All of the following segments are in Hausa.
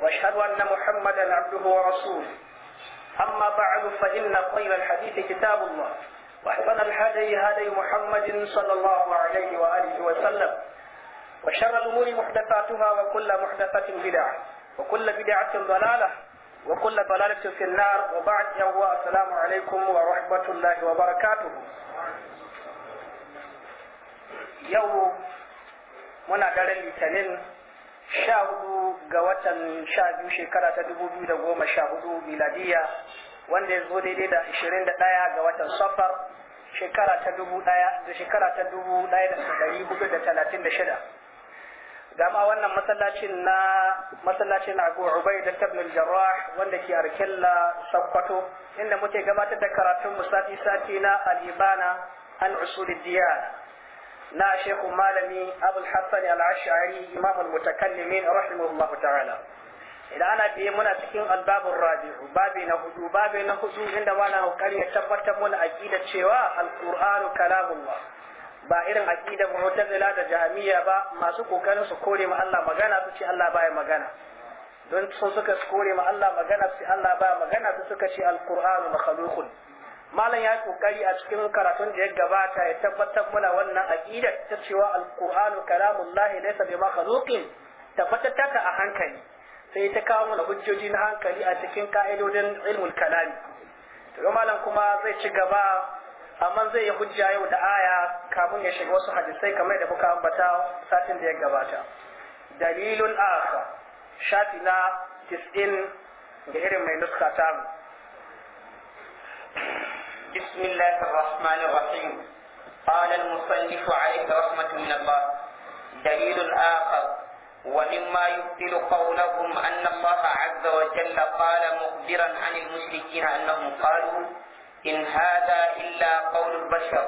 واشهد ان محمدا عبده ورسوله اما بعد فان خير الحديث كتاب الله واحسن الهدي هدي محمد صلى الله عليه واله وسلم وشر الامور محدثاتها وكل محدثه بدعه وكل بدعه ضلاله وكل ضلالة في النار وبعد يوم السلام عليكم ورحمة الله وبركاته يوم منا دارين الاثنين sha hudu ga watan sha biyu shekara ta dubu biyu da goma sha hudu miladiya wanda ya zo daidai da ashirin da ɗaya ga watan safar shekara ta dubu da shekara ta dubu ɗaya da ɗari hudu da talatin da shida dama wannan masallacin na masallacin Abu Ubaida ibn al-Jarrah wanda ke Arkilla Sokoto inda muke gabatar da karatun musafi sati na al-Ibana an usul diyana na shekhu malami abul hassan al-ash'ari imam al-mutakallimin rahimahullah ta'ala idan ana biye muna cikin albabun rabi'u babi na hudu babi na hudu inda wani kokari ya tabbatar mana aqida cewa al-qur'anu kalamullah ba irin aqidar mu'tazila da jami'a ba masu kokarin su kore ma Allah magana su ce Allah baya magana don sun suka kore ma Allah magana su Allah baya magana su suka ce al-qur'anu makhluqun malam ya yi kokari a cikin karatun da ya gabata ya tabbatar mana wannan aqida ta cewa alqur'anu kalamullah laysa bi makhluqin tabbatar a hankali sai ta kawo mana hujjoji na hankali a cikin ka'idodin ilmul kalami to malam kuma zai ci gaba amma zai yi hujja yau da aya kafin ya shiga wasu hadisai kamar da buka ambata satin da ya gabata dalilun akha shafi na 90 ga irin mai nuska بسم الله الرحمن الرحيم قال المصنف عليه رحمة من الله دليل آخر ومما يبطل قولهم أن الله عز وجل قال مخبرا عن المشركين أنهم قالوا إن هذا إلا قول البشر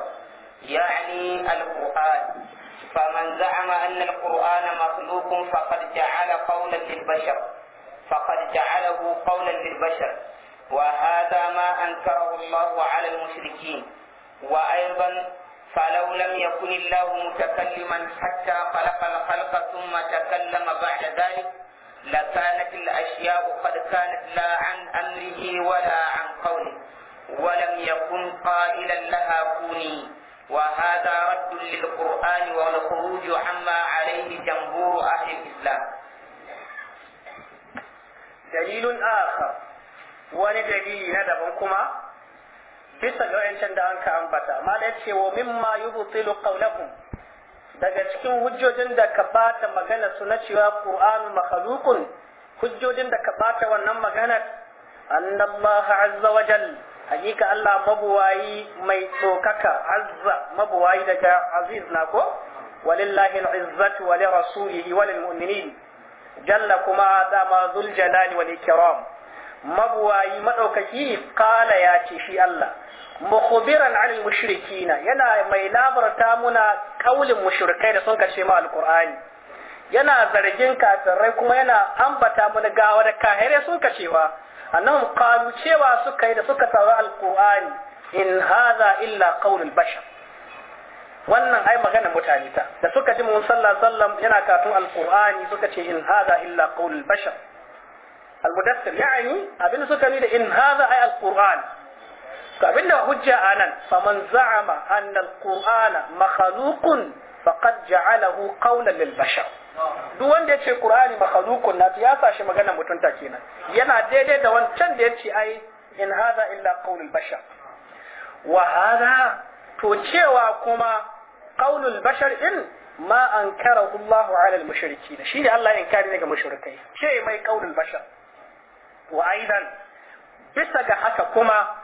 يعني القرآن فمن زعم أن القرآن مخلوق فقد جعل قولا للبشر فقد جعله قولا للبشر وهذا ما أنكره الله على المشركين وأيضا فلو لم يكن الله متكلما حتى خلق الخلق ثم تكلم بعد ذلك لكانت الأشياء قد كانت لا عن أمره ولا عن قوله ولم يكن قائلا لها كوني وهذا رد للقرآن والخروج عما عليه جمهور أهل الإسلام دليل آخر wani dalili na daban kuma bisa ga wayancan da an ka ambata ma da ce wa mimma yubtilu qawlakum daga cikin hujjojin da ka bata magana su na cewa qur'anu makhluqun hujjojin da ka bata wannan maganar annallaha azza wa jal hakika Allah mabuwayi mai tsokaka azza mabuwayi daga aziz na ko walillahi al wa li rasulihi wa lil mu'minin jalla kuma dama zul jalali wal ikram mabuwayi maɗaukaki qala ya ce shi Allah mukhbiran anil mushrikina yana mai labarta muna kaulin mushrikai da sun kace ma alqur'ani yana zargin kafirai kuma yana ambata mana gawa da kahirai sun kacewa annahum qalu cewa suka yi da suka saurari alqur'ani in hadha illa qaulul bashar wannan ai magana mutane ta da suka ji mun sallallahu alaihi wasallam yana katun alqur'ani suka ce in hadha illa qaulul bashar al-mudassir ya'ani abin suka ni da in hadha ay al-qur'an to abinda hujja anan faman za'ama anna al-qur'ana makhluqun faqad ja'alahu qawlan lil bashar duk wanda yace qur'ani makhluqun na ya sashi magana mutunta kenan yana daidai da wancan da ya yace ai in hadha illa qawlul bashar wa hadha to cewa kuma qawlul bashar in ma ankarahu Allahu ala al-mushrikin shine Allah ya inkari ne ga mushrikai ce mai qawlul bashar wa aidan bisa ga haka kuma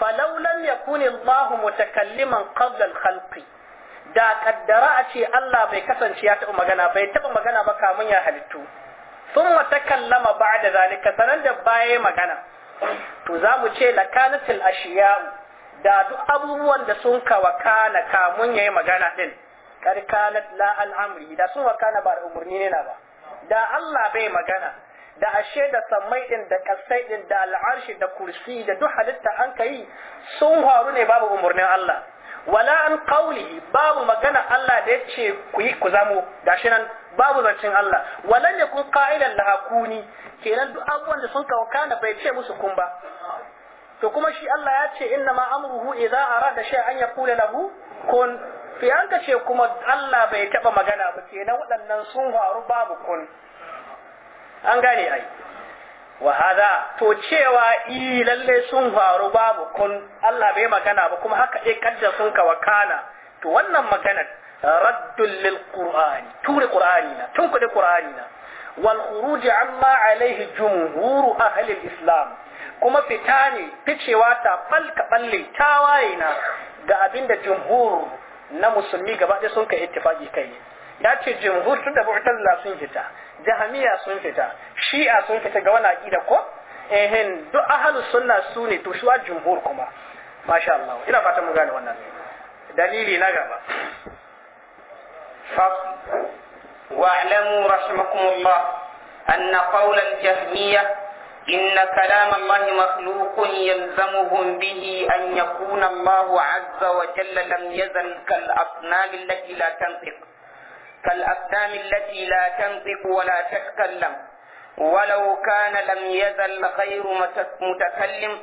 falau lam yakuni Allah mutakalliman qabla al-khalqi da kaddara a ce Allah bai kasance ya taɓa magana bai taɓa magana ba kamun ya halittu sun wata kallama ba da zalika sanar da baya magana to za mu ce la kanatil ashiya'u da duk abubuwan da sun kawakana kamun ya yi magana din karkanat la al'amri da sun wakana ba da umarni ne na ba da Allah bai magana da ashe da sammai din da kasai din da al'arshi da kursi da duk halitta an kai sun faru ne babu umurnin Allah wala an qawlihi babu magana Allah da yace ku yi ku zamo gashi nan babu zancin Allah walan yakun qailan laha kuni kenan duk abubuwan da sun kawo kana bai ce musu kun ba to kuma shi Allah ya ce inna ma amruhu idza arada shay'an yaqulu lahu kun fi an ce kuma Allah bai taba magana ba kenan waɗannan sun faru babu kun an gane ai wahada to cewa i eh, lalle sun faru babu kun Allah bai magana ba kuma haka dai kadda sun ka wakana to wannan magana raddul lil qur'ani tura qur'ani na tun kudi qur'ani na wal khuruj amma alaihi jumhur ahli islam kuma fita ne ficewa ta falka balle tawaye na ga abinda jumhur na musulmi gaba ɗaya sun kai ittifaki kai ya ce jumhur tun da mu'tazila sun fita jahamiya sun fita shi'a sun fita ga wani aƙida ko ehin duk ahalus sunna su ne to shuwa jumhur kuma masha Allah ina fatan mu gane wannan dalili na gaba واعلموا رحمكم الله أن قول الجهمية إن كلام الله مخلوق يلزمهم به أن يكون الله عز وجل لم يزل كالأصنام التي لا تنطق كالأقدام التي لا تنطق ولا تتكلم ولو كان لم يزل غير متكلم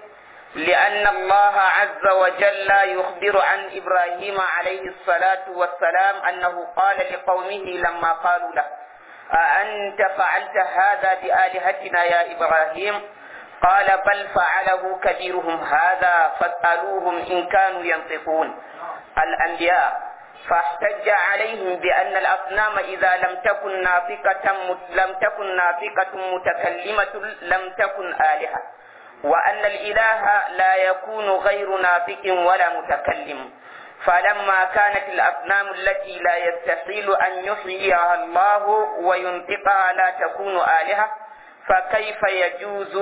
لأن الله عز وجل يخبر عن إبراهيم عليه الصلاة والسلام أنه قال لقومه لما قالوا له أأنت فعلت هذا بآلهتنا يا إبراهيم قال بل فعله كبيرهم هذا فاسألوهم إن كانوا ينطقون الأنبياء فاحتج عليه نام إذا لم تكن نافقة لم تكن نافقة متكلمة لم تكن آلهة وأن الإله لا يكون غير نافق ولا متكلم فلما كانت الأصنام التي لا يستحيل أن يحييها الله وينطقها لا تكون آلهة فكيف يجوز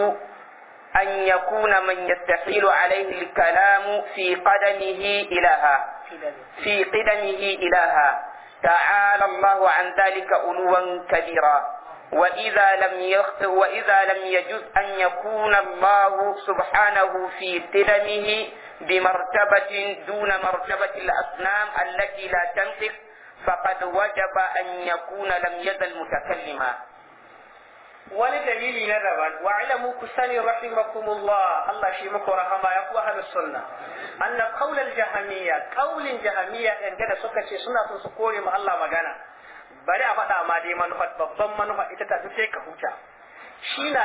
أن يكون من يستحيل عليه الكلام في قدمه إلها في قدمه إلها تعالى الله عن ذلك علوا كبيرا وإذا لم وإذا لم يجوز أن يكون الله سبحانه في تلمه بمرتبة دون مرتبة الأصنام التي لا تنطق فقد وجب أن يكون لم يزل متكلما wani dalili na daban wa ilamu ku sani rahimakumullah Allah shi muku rahama ya kuwa hada sunna anna qaulal jahamiyya qaulin jahamiyya dangane gada suka ce suna son su kore mu Allah magana bari a faɗa ma dai manufa babban manufa ita ta sai ka huta shi na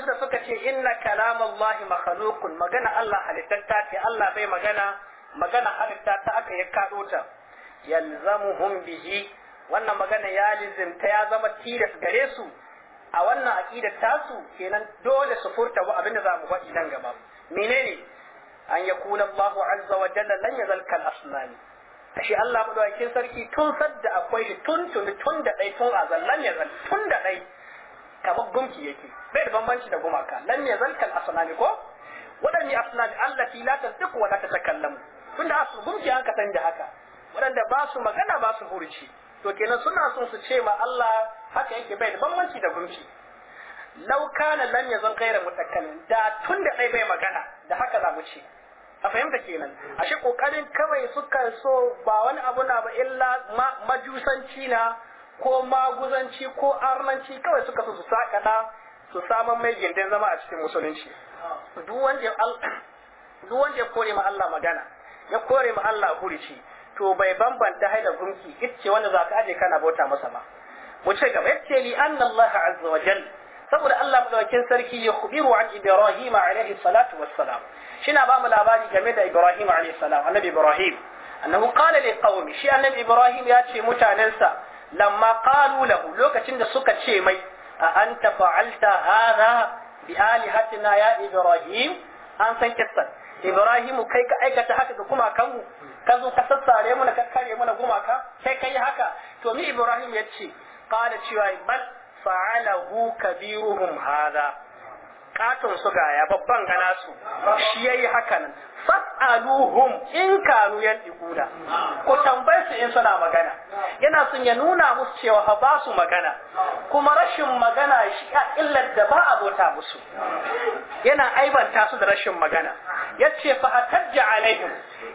su da suka ce inna kalamallahi makhluqun magana Allah halittata ce Allah bai magana magana halitta ta aka ya kado ta yalzamuhum bihi wannan magana ya lizimta ya zama tilas gare su a wannan aqidar tasu kenan dole su furta wa abinda za mu faɗi nan gaba menene an yakuna Allah azza wa jalla lan yazal kal asnani shi Allah madawakin sarki tun sadda akwai shi tun tun tun da dai tun azal lan yazal tun da dai kamar gumki yake bai da bambanci da gumaka lan yazal kal asnani ko waɗanne asnani allati la tasdiqu wa la tatakallamu tunda asu gumki an ka san da haka waɗanda ba su magana ba su hurci to kenan suna son su ce ma Allah haka yake bai da bambanci da gunki law kana lam yazun kaira mutakallim da tun da bai magana da haka za mu ce a fahimta kenan ashe kokarin kawai suka so ba wani abu na ba illa majusanci na ko maguzanci ko arnanci kawai suka so su na su samun mai gindin zama a cikin musulunci duk wanda ya kore ma Allah magana ya kore ma Allah hurici to bai bambanta haida gunki gumki ce wanda za ka aje kana bauta masa ba mu ce gaba yace li anna Allah azza wa jal saboda Allah madaukakin sarki ya khubiru an Ibrahim alaihi salatu wassalam shina ba mu labari game da Ibrahim alaihi salam annabi Ibrahim annahu qala li qaumi shi annabi Ibrahim ya ce mutanensa lamma qalu lahu lokacin da suka ce mai a anta fa'alta hadha bi alihatina ya Ibrahim an san kissan Ibrahim kai ka aikata haka da kuma kanmu ka zo ka sassare na ka kare mana gumaka sai kai haka to mi ibrahim ya ce qala cewa bal fa'alahu kabiruhum hadha katon su gaya babban gana su shi yayi hakan fas'aluhum in kanu yantiquna ko tambaye su in suna magana yana sun ya nuna musu cewa ba su magana kuma rashin magana shi a illar da ba abota musu yana aibanta su da rashin magana yace fa hatajja alaihim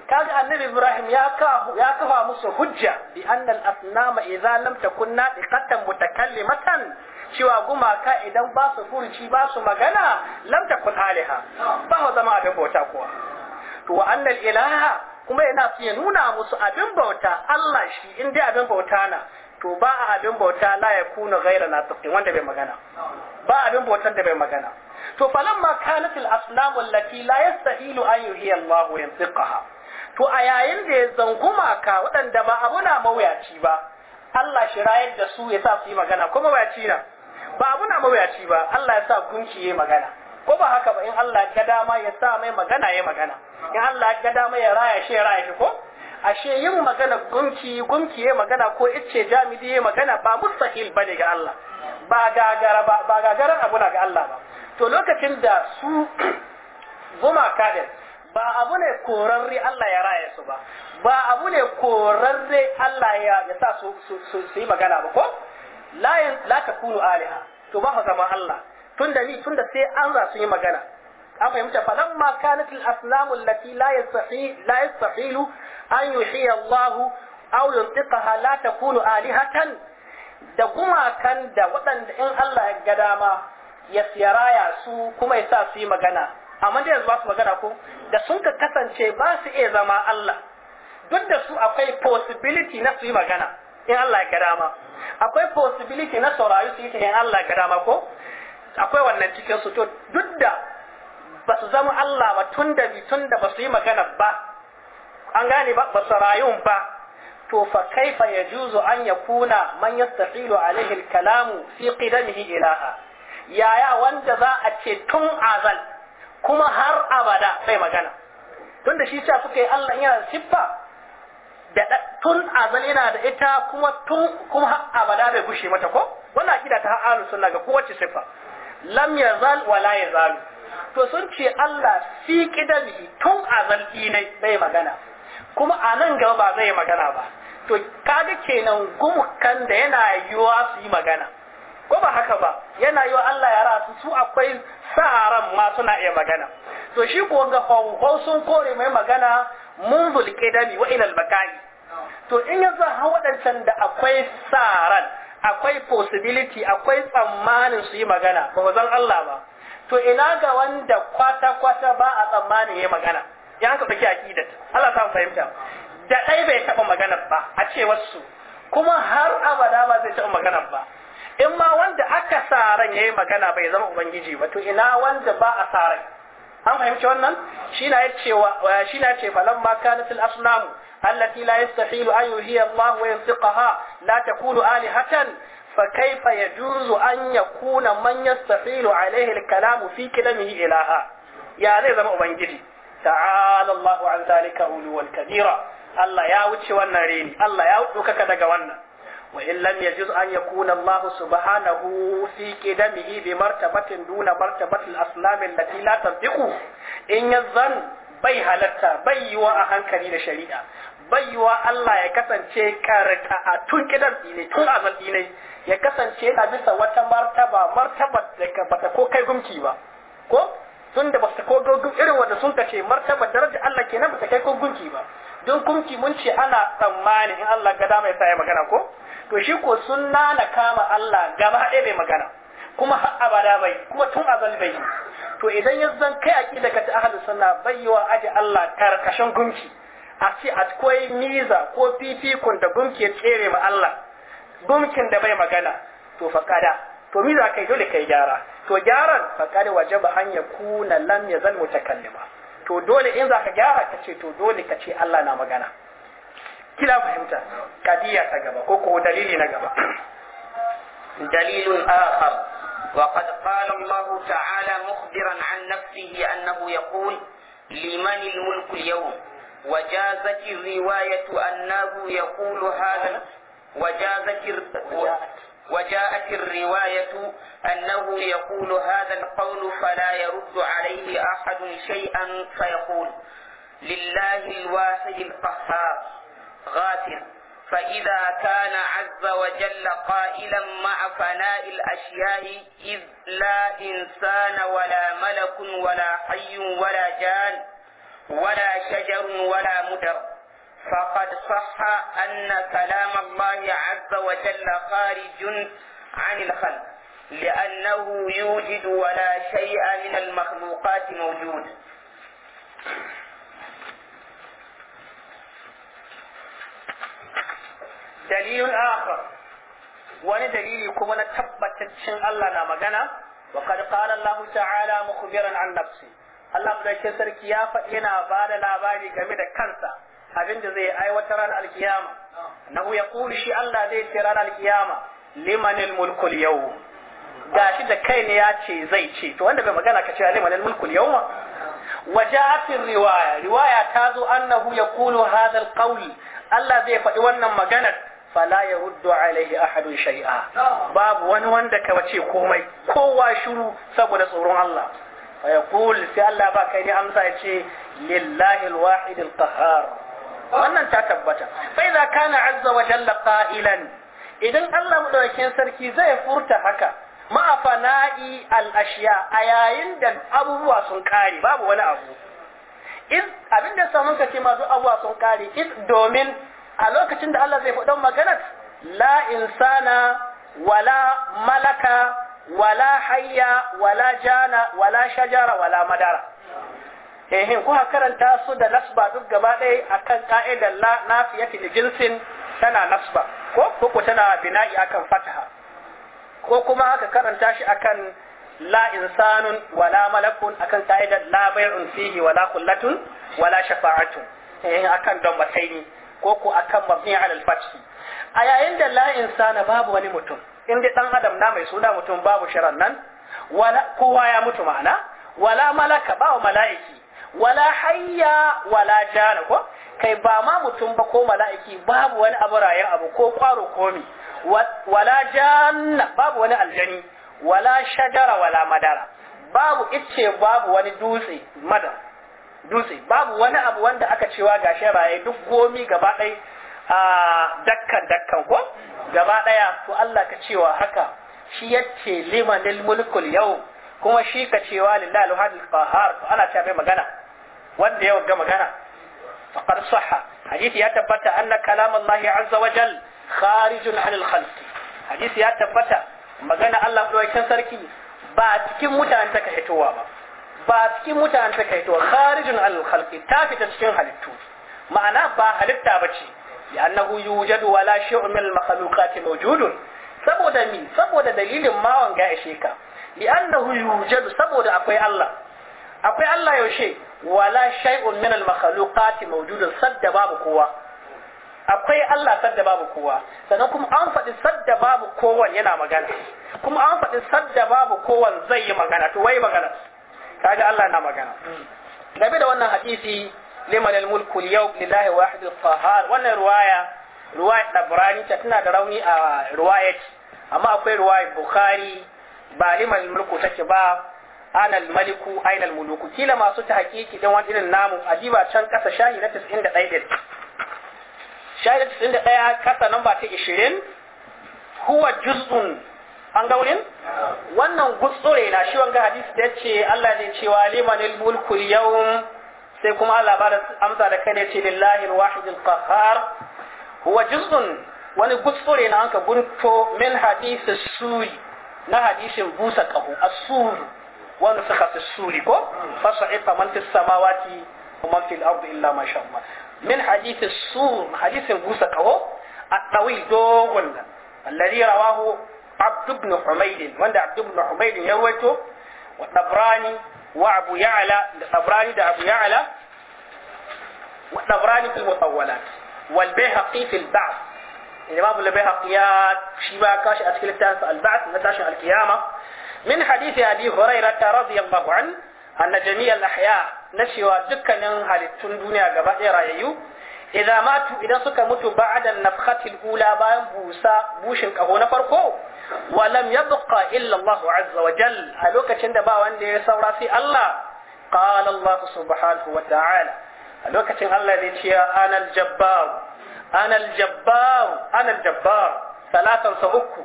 kaga annabi ibrahim ya ya kafa musu hujja bi anna al asnama idza lam takun nadiqatan mutakallimatan cewa gumaka idan ba su furuci ba su magana lam takun aliha ba zama abin bota kuwa to wa annal ilaha kuma yana su ya nuna musu abin bauta Allah shi in dai abin bauta na to ba a abin bauta la ya kuna gaira na tafi wanda bai magana ba abin bautan da bai magana to falan ma kanat al aslam allati la yastahilu an yuhi Allah yantiqaha to a yayin da ya zanguma ka waɗanda ba abu na mawuyaci ba Allah shi rayar da su ya sa su yi magana kuma mawuyaci na ba abu na mawuyaci ba Allah ya sa gunki yayi magana ko ba haka ba in Allah ya dama ya sa mai magana ya magana in Allah ya dama ya raya shi ya raya shi ko ashe yin magana gunki gunki ya magana ko icce jamidi ya magana ba mustahil bane ga Allah ba gagara ba gagaran abu na ga Allah ba to lokacin da su gumaka din ba abu ne korarre Allah ya raya su ba ba abu ne korarre Allah ya ya sa su su yi magana ba ko la la takunu aliha to ba zama Allah tunda ni tunda sai an za su yi magana an fahimta falan ma kanat al aslam allati la yastahi la yastahilu an yuhi Allah aw yuntiqaha la takunu alihatan da gumakan da waɗanda in Allah ya ga dama ya siyaraya su kuma ya sa su yi magana amma da yanzu ba su magana ko da sun ka kasance ba su iya zama Allah duk da su akwai possibility na su yi magana in Allah ya ga dama akwai possibility na saurayi su yi in Allah ya ga dama ko akwai wannan cikin su to duk da ba su zama Allah ba tun da bi tun da ba su yi magana ba an gane ba ba su rayu ba to fa kaifa yajuzu an yakuna man yastahilu alaihi al fi qidamihi ilaha yaya wanda za a ce tun azal kuma har abada sai magana tun da shi sai suka yi Allah yana siffa da tun azal yana da ita kuma tun kuma har abada bai gushe mata ko wannan akida ta har ahlus sunna ga kowace siffa lam yazal ya zalu to sun ce Allah fi kidami tun azal ne bai magana kuma a nan gaba ba zai magana ba to kaga kenan gumukan da yana yiwa su yi magana ko ba haka ba yana yiwa Allah ya rasu su akwai sa'aran ma suna iya magana to shi ko ga hawhau sun kore mai magana mun zulke dami wa ilal bakai to in yanzu ha wadancan da akwai sa'aran akwai possibility akwai tsammanin su yi magana ba zan Allah ba to ina ga wanda kwata-kwata ba a tsammanin ya magana ya ka saki aqidat Allah ta fahimta da ɗai bai taɓa magana ba a ce wasu kuma har abada ba zai taɓa magana ba in ma wanda aka sa ran yayi magana bai zama ubangiji ba to ina wanda ba a saran an fahimci wannan shi na ya ce falamma kanatil asnamu التي لا يستحيل أن يلهي الله وينطقها لا تكون آلهة فكيف يجوز أن يكون من يستحيل عليه الكلام في كلامه إلها يا ذي زمان أبنجدي تعالى الله عن ذلك علوا كبيرا الله يا وجه والنارين الله يا وجهك كذا وانا وإن لم يجوز أن يكون الله سبحانه في كدمه بمرتبة دون مرتبة الأصنام التي لا تصدق إن يظن bai halatta bai yiwa a hankali da shari'a baiwa Allah ya kasance karka a tun kidan dine tun azal dine ya kasance da bisa wata martaba martaba da bata ko kai gumki ba ko tun da basu ko gogun irin wanda sun kace martaba daraja Allah kenan bata kai ko gunki ba don gunki mun ce ana tsammani in Allah gada mai sa ya magana ko to shi ko sunna na kama Allah gaba ɗaya bai magana kuma har abada bai kuma tun azal bai to idan yanzu zan kai aqida ka ta ahlus sunna bai aje aji Allah karkashin gunki a ce koi miza ko fifikun da gumki tsere ma Allah gumkin da bai magana to fakada to miza kai dole kai gyara to gyaran fakada wajaba an ya kuna lam ya zan mutakallima to dole in za ka gyara ka ce to dole ka ce Allah na magana kila fahimta kadiya ta gaba ko ko dalili na gaba dalilun akhar وقد قال الله تعالى مخبرا عن نفسه أنه يقول لمن الملك اليوم وجازت الرواية أنه يقول هذا وجازت وجاءت الرواية أنه يقول هذا القول فلا يرد عليه أحد شيئا فيقول لله الواحد القهار غافر فإذا كان عز وجل قائلا مع فناء الأشياء إذ لا إنسان ولا ملك ولا حي ولا جان ولا شجر ولا مدر فقد صح أن كلام الله عز وجل خارج عن الخلق لأنه يوجد ولا شيء من المخلوقات موجود دليل آخر wani dalili kuma na tabbataccen Allah na magana wa qad qala Allah ta'ala mukhbiran an nafsi Allah mulkin sarki ya faɗi yana ba da labari game da kansa abin da zai aiwatar ran alkiyama nahu ya kuli shi Allah zai ce ran alkiyama limanil mulkul yau gashi da kai ne ya ce zai ce to wanda bai magana ka ce limanil mulkul yau ma wajatin riwaya riwaya ta zo annahu ya kulu hadal alqawl Allah zai faɗi wannan maganar fala ya ruddu alaihi ahadun shai'a. babu wani wanda ka wace komai kowa shiru saboda tsoron Allah wa sai Allah ba kai ne amsa ya ce lillahi alwahid alqahar wannan ta tabbata fa idza kana azza wa jalla qailan idan Allah madaukakin sarki zai furta haka ma'afana'i al al’ashiya a yayin da abubuwa sun kare babu wani abu in abinda samun ka ce ma abubuwa sun kare in domin a lokacin da Allah zai faɗa maganar la insana wala malaka wala hayya wala jana wala shajara wala madara ehin kuka karanta su da nasba duk gaba ɗaya akan ka'idar la nafiyati jinsin tana nasba ko ko tana bina'i akan fataha ko kuma aka karanta shi akan la insanun wala malakun akan ka'idar la bai'un fihi wala kullatun wala shafa'atun eh akan don bataini ko ko akan mabni al-fath a yayin da la insana babu wani mutum in dai dan adam na mai suna mutum babu sharan nan wala kowa ya mutu ma'ana wala malaka ba wa mala'iki wala hayya wala jana ko kai ba ma mutum ba ko mala'iki babu wani abu rayan abu ko kwaro ko mi wala janna babu wani aljani wala shajara wala madara babu icce babu wani dutse madar dutse babu wani abu wanda aka cewa gashi raye duk gomi gaba ɗaya a ah, dakkan dakkan ko gaba ɗaya to Allah ka cewa haka shi yace limanil mulkul yau kuma shi ka cewa lillahi al alhadil qahar to ana cewa magana wanda yau ga magana faqad sahha hadisi ya tabbata anna kalam Allah azza wa jal kharijun anil khalqi hadisi ya tabbata magana Allah dokin sarki ba a cikin mutanen ta ka hitowa ba a cikin mutanen ta ka hitowa kharijun anil khalqi ta fita cikin halittu ma'ana ba halitta bace ya annahu yujadu wala shay'un min al-makhluqati mawjudun saboda mi saboda dalilin mawan ga ishe ka li annahu yujadu saboda akwai Allah akwai Allah yaushe wala shay'un min al makhluqat mawjudun sadda babu kowa akwai Allah sadda babu kowa sannan kuma an faɗi sadda babu kowan yana magana kuma an faɗi sadda babu kowan zai yi magana to wai magana kaga Allah na magana nabi da wannan hadisi liman al-mulku al-yawm lillahi wahid al-qahhar wannan ruwaya ruwaya dabrani ta tana da rauni a ruwayat amma akwai ruwaya bukhari ba liman al-mulku take ba ana al-maliku aina al-muluku kila masu ta hakiki dan wani irin namu adiba can kasa shahi na 91 din shahi na 91 kasa namba ta 20 huwa juz'un an ga wurin wannan gutsure na shi wanga hadisi da ce Allah ne cewa liman al-mulku al-yawm sai kuma Allah ba da amsa da kai ne ce lillahi al-wahid al-qahhar huwa juz'un wani gutsure na anka gunto min hadisi suri na hadisin busa kahu as-suri wani suka fi suri ko fasa ifa man fi samawati kuma fil ardu illa ma sha Allah min hadisi sur hadisin busa kaho at-tawil dogon nan alladhi rawahu abd ibn humayd wanda abd ibn humayd ya ruwaito wa tabrani وابو يعلى ابراني ده ابو يعلى ابراني في المطولات والبيهقي في البعث يعني ما بقول بيهقيات شيبا كاش اتكل التاسع البعث نتاشع القيامة من حديث ابي هريرة رضي الله عنه ان جميع الاحياء نشوا دكنا هل تندوني اغبا ايرايو idza matu idan suka mutu ba'da nafkhati al-ula bayan busa bushin kaho na farko wa lam yabqa illa Allah azza wa jal a lokacin da ba wanda ya saura sai Allah qala Allah subhanahu wa ta'ala a lokacin Allah ne ce ana al-jabbar ana al-jabbar ana al-jabbar salatan sa uku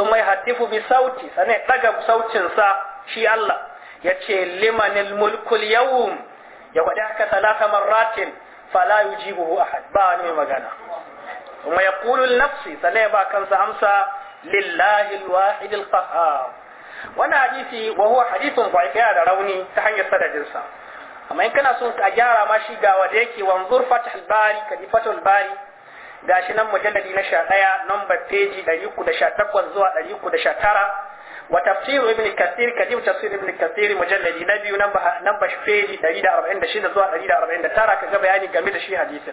thumma yahtifu bi sauti sane daga sautin sa shi Allah yace limanil mulkul yawm ya wada haka salata marratin fala yujibuhu ahad ba wani mai magana kuma ya kulu nafsi sannan ba kansa amsa lillahi alwahid alqahhar wannan hadisi wa huwa hadithun da'if yana da rauni ta hanyar sadadin sa amma in kana son gyara ma shi ga wanda yake wanzur fathul bari kadi fathul bari gashi nan mujalladi na 11 number page 318 zuwa ɗari da tara. وتفسير ابن الكثير كتب تفسير ابن الكثير مجلد النبي نمبر نمبر شفيه دليل أربعين دشين زوا دليل أربعين ترى كذا يعني جميل شيء حديثا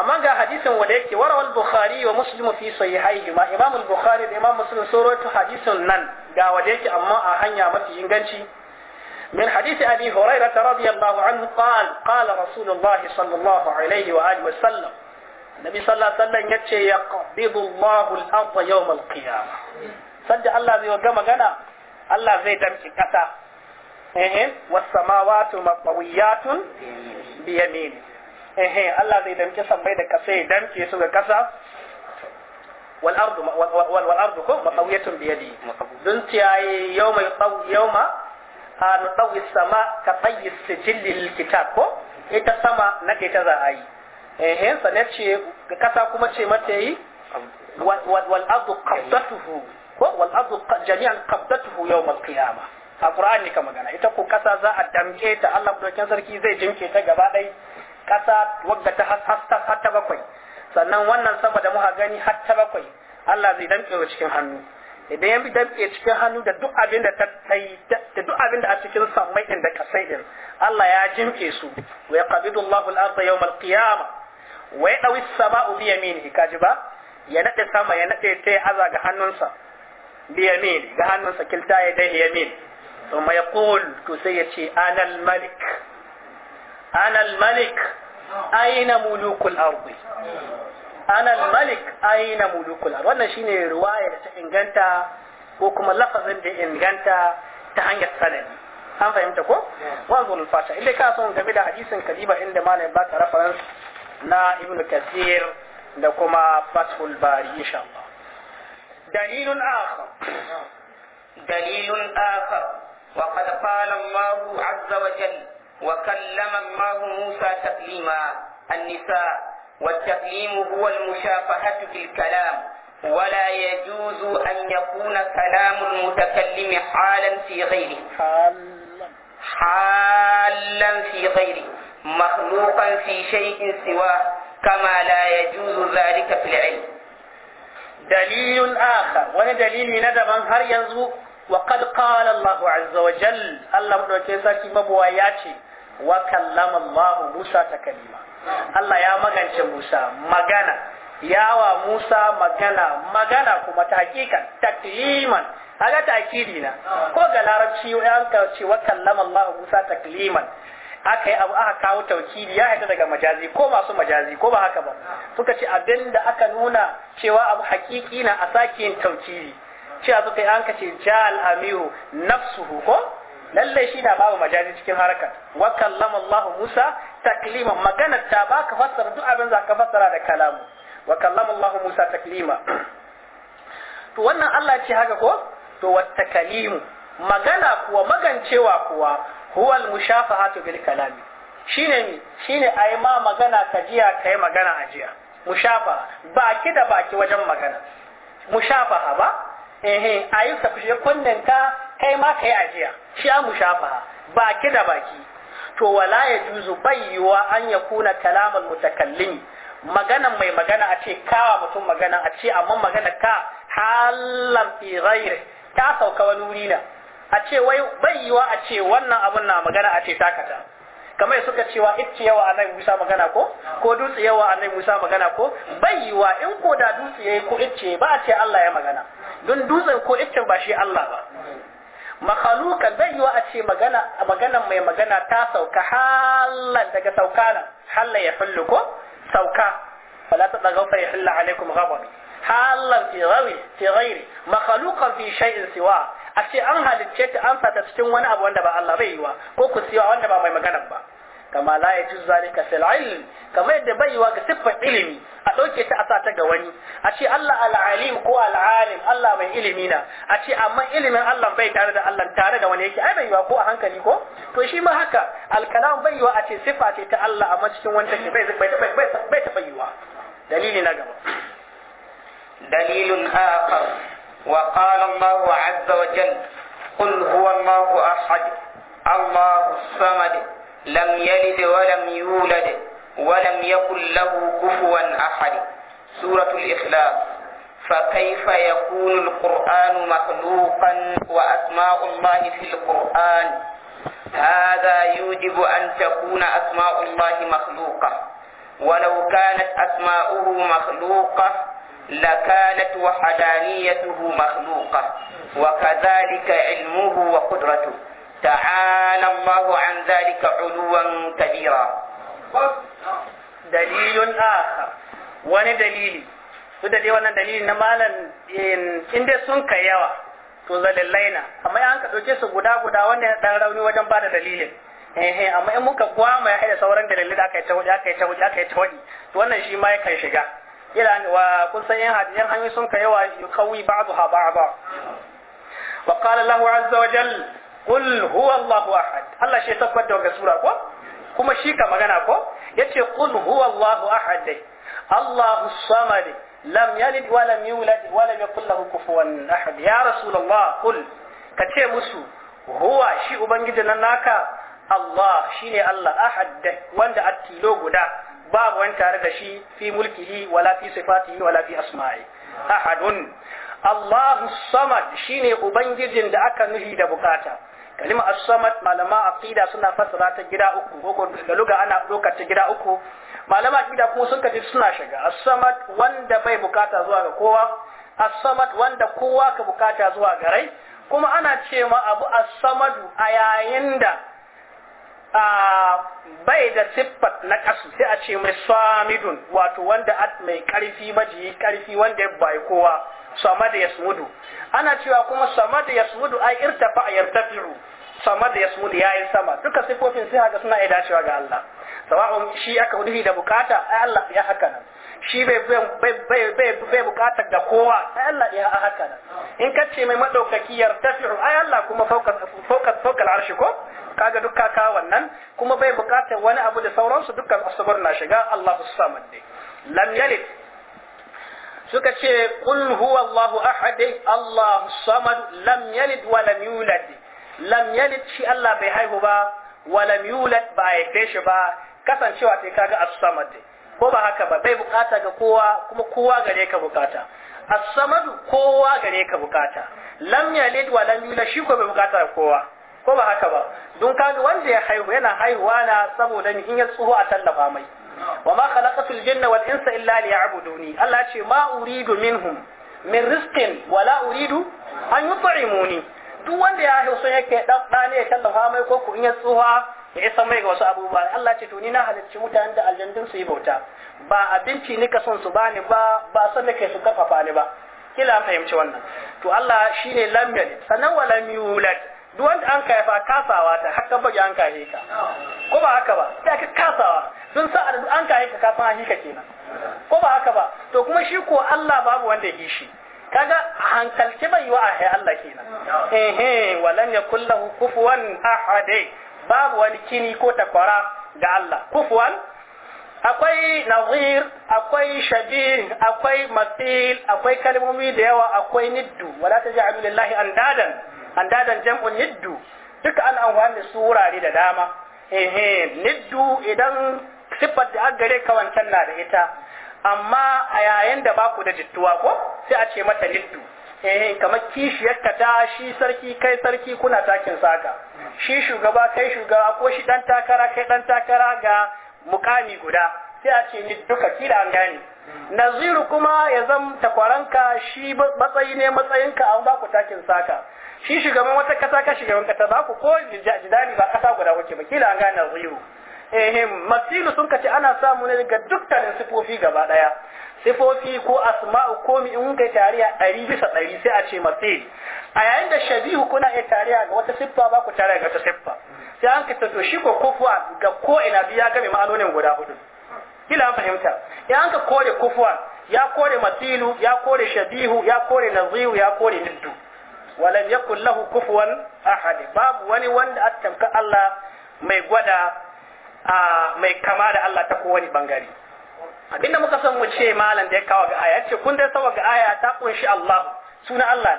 أما جاء حديثا وليك وروى البخاري ومسلم في صحيحيهما إمام البخاري الإمام مسلم سورة حديث نن جاء وليك أما أهني ما في إنجنشي من حديث أبي هريرة رضي الله عنه قال قال رسول الله صلى الله عليه وآله وسلم النبي صلى الله عليه وسلم يقبض الله الأرض يوم القيامة sadda Allah zai ga magana Allah zai damci kasa eh was samawati maqawiyatun bi yamin eh Allah zai damci sammai da kasa ya damce su ga kasa wal ardu wal ardu ko maqawiyatun bi yadi dun tiyaye yawma yawma an tawi sama ka tayi sijillil kitab ko ita sama na ita za a yi eh sanar ce kasa kuma ce mata yi wal ardu qabdatuhu ko wal ardu jami'an qabdatuhu yawm al qiyamah a qur'ani ka magana ita ko kasa za a damke ta Allah dokin sarki zai jinke ta gaba dai kasa wagga ta hasta hatta bakwai sannan wannan saboda muka gani hatta bakwai Allah zai damke wa cikin hannu idan ya damke cikin hannu da duk abin da ta da duk abin da a cikin samai din da kasai din Allah ya jinke su wa yaqbidu Allahu al-ardha yawm al-qiyamah wa yadawi as-sama'u bi yaminihi kaji ba ya nade sama ya nade ta aza ga hannunsa biyamini ga hannunsa kilta ya dai yamin ثم يقول كسيتي أنا الملك أنا الملك أين ملوك الأرض أنا الملك أين ملوك الأرض wannan shine riwaya da ta inganta ko kuma lafazin da inganta ta hanyar an fahimta ko wanzu al-fasha idan ka son game da hadisin kadiba inda malam ba ta reference na ibnu kasir da kuma fathul bari insha Allah دليل آخر دليل آخر وقد قال الله عز وجل وكلم الله موسى تكليما النساء والتكليم هو المشافهة في الكلام ولا يجوز أن يكون كلام المتكلم حالا في غيره حالا حالا في غيره مخلوقا في شيء سواه كما لا يجوز ذلك في العلم dalilun akhar wani dalili na daban har yanzu wa qad qala Allah azza wa jal Allah madauke sarki mabuwa yace ce wa kallama Allah Musa Allah ya magance Musa magana yawa Musa magana magana kuma ta hakika takliman haga takidi na ko ga larabci an ka ce wa kallama Allah Musa takliman aka yi abu aka kawo taukili ya haita daga majazi ko masu majazi ko ba haka ba suka ce abin da aka nuna cewa abu hakiki na a sake yin taukili. cewa suka yi an ce ja'al amiru nafsuhu ko lallai shi na babu majazi cikin harkar wa kallama Allah Musa taklima magana ta baka fassara duk abin za ka fassara da kalamu wa kallama Allah Musa taklima to wannan Allah ce haka ko to wat takalimu magana kuwa magancewa kuwa huwa al-mushafahatu bil kalami shine shine ma magana ka jiya kai magana a jiya mushafaha baki da baki wajen magana mushafaha ba eh ayi ka kushe kunnen ka kai ma kai a jiya shi a mushafaha baki da baki to wala ya juzu bayyuwa an yakuna kalamul mutakallimi maganan mai magana a ce kawa mutum magana a ce amma magana ka halam fi ta sauka wani wuri na a ce wai bai yiwa a ce wannan abun na magana a ce takata kamar suka cewa itce yawa annabi Musa magana ko ko dutse yawa annabi Musa magana ko bai yiwa in ko da dutse yayi ko itce ba a ce Allah ya magana don dutsen ko iccen ba shi Allah ba makhaluka bai yiwa a ce magana magana mai magana ta sauka hallan daga sauka nan halla ya hullu ko sauka fala ta daga fa ya hulla alaikum ghadabi hallan fi ghairi fi ghairi makhluqan fi shay'in siwa a ce an halicce ta an fata cikin wani abu wanda ba Allah bai yi wa ko ku siya wanda ba mai magana ba kama la ya juzu zalika fil ilm kama yadda bai wa ga siffar ilimi a dauke ta a sata ga wani a ce Allah al-alim ko al-alim Allah mai ilimi na a ce amma ilimin Allah bai tare da Allah tare da wani yake ai bai wa ko a hankali ko to shi ma haka al-kalam bai wa a ce siffa ce ta Allah amma cikin wani ke bai bai bai bai wa. dalili na gaba dalilun akhar وقال الله عز وجل قل هو الله أحد الله الصمد لم يلد ولم يولد ولم يكن له كفوا أحد سورة الإخلاص فكيف يكون القرآن مخلوقا وأسماء الله في القرآن هذا يوجب أن تكون أسماء الله مخلوقة ولو كانت أسماؤه مخلوقة لكانت وحدانيته مخلوقة وكذلك علمه وقدرته تعالى الله عن ذلك علوا كبيرا دليل آخر wani dalili su da dai wannan dalilin na malam in dai sun kai yawa to zalillai amma in ka ɗauke su guda guda wanda ya ɗan rauni wajen bada dalilin eh amma in muka gwama ya haɗa sauran dalilai da aka yi ta waje aka yi ta waje aka yi ta waje to wannan shi ma ya kan shiga ila wa kun san yan hadiyan hanyoyi sun kai yawa yukawi ba'daha ba'da wa qala lahu azza wa jal qul huwa Allahu ahad Allah shi tabbata daga sura ko kuma shi ka magana ko yace qul huwa Allahu ahad Allahu samad lam yalid wa lam yulad wa lam yakul lahu kufuwan ahad ya allah qul kace musu huwa shi ubangijin nan naka Allah shine Allah ahad wanda atilo guda babu wani tare da shi fi mulkihi wala fi sifatihi wala fi asma'i ahadun Allahu samad shine ubangijin da aka nuhi da bukata kalima as-samad malama aqida suna fassara ta gida uku ko da luga ana dokar ta gida uku malama aqida kuma sun kace suna shiga as-samad wanda bai bukata zuwa ga kowa as-samad wanda kowa ka bukata zuwa ga rai kuma ana ce ma abu as Samadu a yayin da bai da siffat na kasu sai a ce mai samidun wato wanda mai karfi majiyi karfi wanda bai kowa samad ya smudu ana cewa kuma samad ya smudu ai irtafa yartafi'u samad ya smudu yayi sama duka sifofin sai haka suna iya cewa ga Allah sawa'un shi aka hudu da bukata ai Allah ya haka nan shi bai bai bukatar da kowa ai Allah ya haka nan in kace mai madaukaki yartafi'u ai Allah kuma fawqa fawqa fawqa ko kaga duk kaka wannan kuma bai bukatar wani abu da sauransu dukkan asabar na shiga Allah su sa madde lam yalid suka ce qul huwa Allahu ahad Allahu samad lam yalid wa lam yulad lam yalid shi Allah bai haihu ba wa lam yulad ba ya shi ba kasancewa sai kaga as-samad ko ba haka ba bai bukata ga kowa kuma kowa gare ka bukata as kowa gare ka bukata lam yalid wa lam yulad shi ko bai bukata ga kowa ko ba haka ba don kaga wanda ya haihu yana haihuwa na saboda ni in ya tsoho a tallafa mai wa ma khalaqatul jinna wal insa illa liya'buduni Allah ya ce ma uridu minhum min rizqin wala uridu an yut'imuni duk wanda ya haihu sun yake dan dane ne tallafa mai ko ku in ya tsoho? ya isa mai ga wasu abubuwa Allah ce to ni na halicci mutanen da aljandun su yi bauta ba abinci nika son su bani ba ba san da kai su karfafa ni ba kila fahimci wannan to Allah shine lam sanan wa duk wanda an kai fa kasawa ta ba tabbaji an kai ka ko ba haka ba sai ka kasawa don sa da an kai ka kasan an hika kenan ko ba haka ba to kuma shi ko Allah babu wanda ya shi kaga a hankalce bai wa a Allah kenan eh eh walan yakul lahu kufuwan ahad babu wani kini ko takwara ga Allah kufuwan akwai nazir akwai shabir akwai matil akwai kalmomi da yawa akwai niddu wala taj'alu lillahi andadan andadan jam'un niddu duka an amfani da su wurare da dama ehe niddu idan siffar da aka gare ka wancan na da ita amma a yayin da baku da jittuwa ko sai a ce mata niddu eh kamar kishi ta shi sarki kai sarki kuna takin saka shi shugaba kai shugaba ko shi dan takara kai dan takara ga mukami guda sai a ce ni duka kira an gani. naziru kuma ya zam takwaranka shi matsayi ne matsayinka an ba ku takin saka shi shugaban wata kasa ka shugaban kasa ba ku ko jidani ba kasa guda kuke ba kila an gane ziru ehem masilu sun kace ana samu ne daga dukkanin sifofi gaba daya sifofi ko asma'u ko mi in kai tariya ɗari bisa ɗari sai a ce masil a yayin da shabihu kuna iya tariya ga wata siffa ba ku tariya ga wata siffa sai an ka to shi ko kufuwa ga ko ina biya game ma'anonin guda hudu kila an fahimta ya an ka kore kufuwa ya kore masilu ya kore shabihu ya kore nazihu ya kore diddu walam yakul lahu kufuwan ahad babu wani wanda attamka Allah mai gwada mai kama da Allah ta kowani bangare abinda muka san mu ce malam da ya kawo ga aya ce kun dai sawa ga aya ta kunshi Allah suna Allah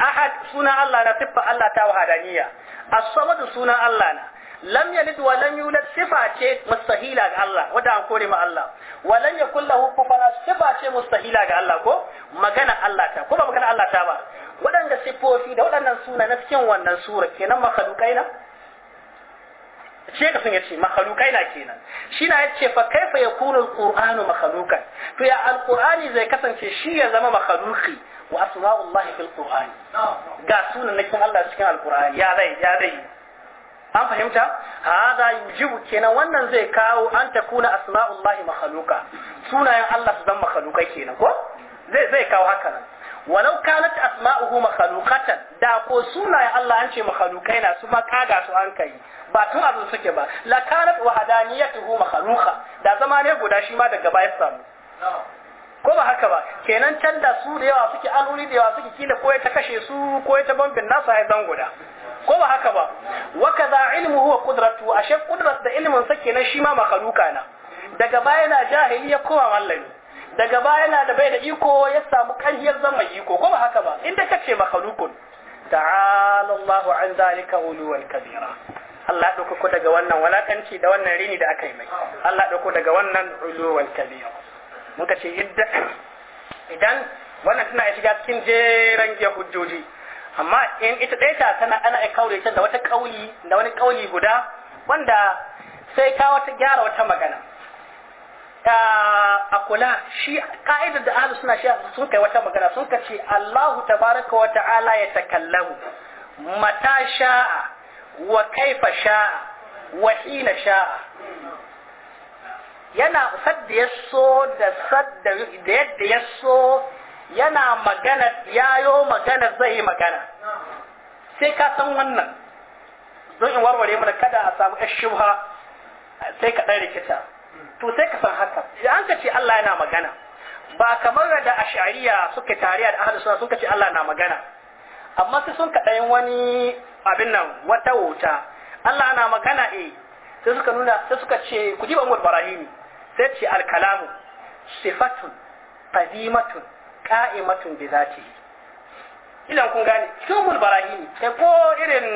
ahad suna Allah na siffa Allah ta wahadaniya as-samad suna Allah na lam yalid wa lam yulad sifa ce mustahila ga Allah wanda an kore ma Allah wa lam yakul lahu kufuwan sifa ce mustahila ga Allah ko magana Allah ta ko ba magana Allah ta ba waɗanda siffofi da waɗannan suna na cikin wannan sura kenan makhlukai na ce ka sun yace makhlukai na kenan shi na yace fa kaifa yakunu alqur'anu makhlukan to ya alqur'ani zai kasance shi ya zama makhluki wa asma'ullahi fil qur'ani ga sunan na cikin Allah cikin alqur'ani ya zai ya zai an fahimta hada yujibu kenan wannan zai kawo an takuna asma'ullahi makhluka sunayen Allah su zama makhlukai kenan ko zai zai kawo haka nan walau kanat asma'uhu makhluqatan da ko sunaye Allah an ce makhluqai na su ma kaga su an kai ba tun azu suke ba la kanat wahadaniyatuhu makhluqa da zama ne guda shi ma daga baya samu ko ba haka ba kenan can da su da yawa suke aluri da yawa suke kila ko ta kashe su ko ta bambin nasu ai zan guda ko ba haka ba wa kaza ilmu huwa qudratu ashe qudrat da ilmin sa kenan shi ma makhluqa na daga baya na jahiliya kowa mallami daga baya na da bai da iko ya samu kariyar zama iko ko ba haka ba inda kace makhlukun ta'ala Allah an zalika uluwan kabira Allah dauko ko daga wannan walakanci da wannan rini da aka yi mai Allah dauko daga wannan uluwan kabira muka ce idan wannan tana shiga cikin jeran hujjoji amma in ita ɗaya ta tana ana ai kaure ta da wata kauli da wani kauli guda wanda sai ka wata gyara wata magana a kula shi ka'idar da ahlus suna shi sun kai wata magana sun kace Allahu tabaraka wa ta'ala ya takallamu mata sha'a wa kaifa sha'a wa hina sha'a yana sadda ya da sadda da yadda ya so yana magana yayo magana zai yi magana sai ka san wannan don in warware mana kada a samu shubha sai ka ɗan rikita to sai ka san haka idan an ka ce Allah yana magana ba kamar da ashariya suka tariya da ahlus sunna suka ce Allah na magana amma sai sun kaɗa wani abin nan wata wuta Allah yana magana eh sai suka nuna sai suka ce ku ji Umar Barahimi sai ce al-kalamu sifatun qadimatun qa'imatun bi zati idan kun gane cikin Umar Barahimi sai ko irin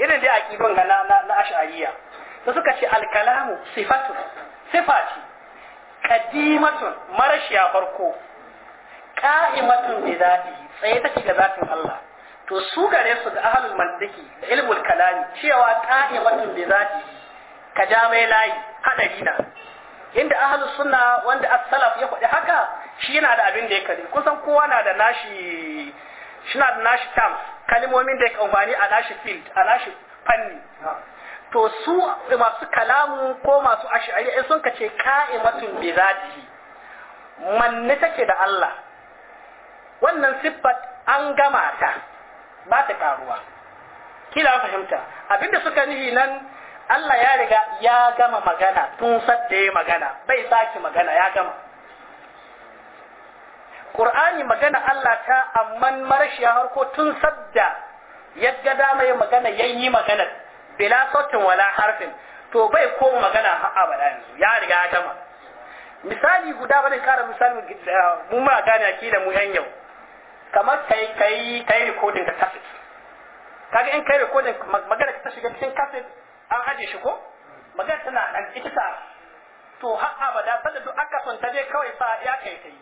irin da aqidan ga na na ash'ariya da suka ce alkalamu sifatu sifa ce kadimatun marashiya farko ka'imatun bi zati tsaye ta ga zatin Allah to su gare su da ahlul mantiki da ilmul kalami cewa ka'imatun bi zati ka ja mai layi hadari na inda ahlus sunna wanda as-salaf ya faɗi haka shi yana da abin da ya kari, kusan kowa na da nashi shi na da nashi terms kalmomin da ya kamfani a nashi field a nashi fanni to su masu kalamu ko masu ash'ari ai sun kace ka'imatun bi zatihi manne take da Allah wannan siffat an gama ta ba ta karuwa kila fahimta abinda suka nihi nan Allah ya riga ya gama magana tun sadda ya magana bai saki magana ya gama Qur'ani magana Allah ta amman marashi ya harko tun sadda yadda dama ya magana yayi magana bila sautin wala harfin to bai ko magana har abada yanzu ya riga ya gama misali guda bane kara misali eh, mu ma gane akida mu yan yau kamar kai kai kai recording ka tafi kaga in kai recording magana ka shiga cikin cassette an aje shi ko magana tana dan ita to har abada sai da aka son ta je kawai sa ya kai kai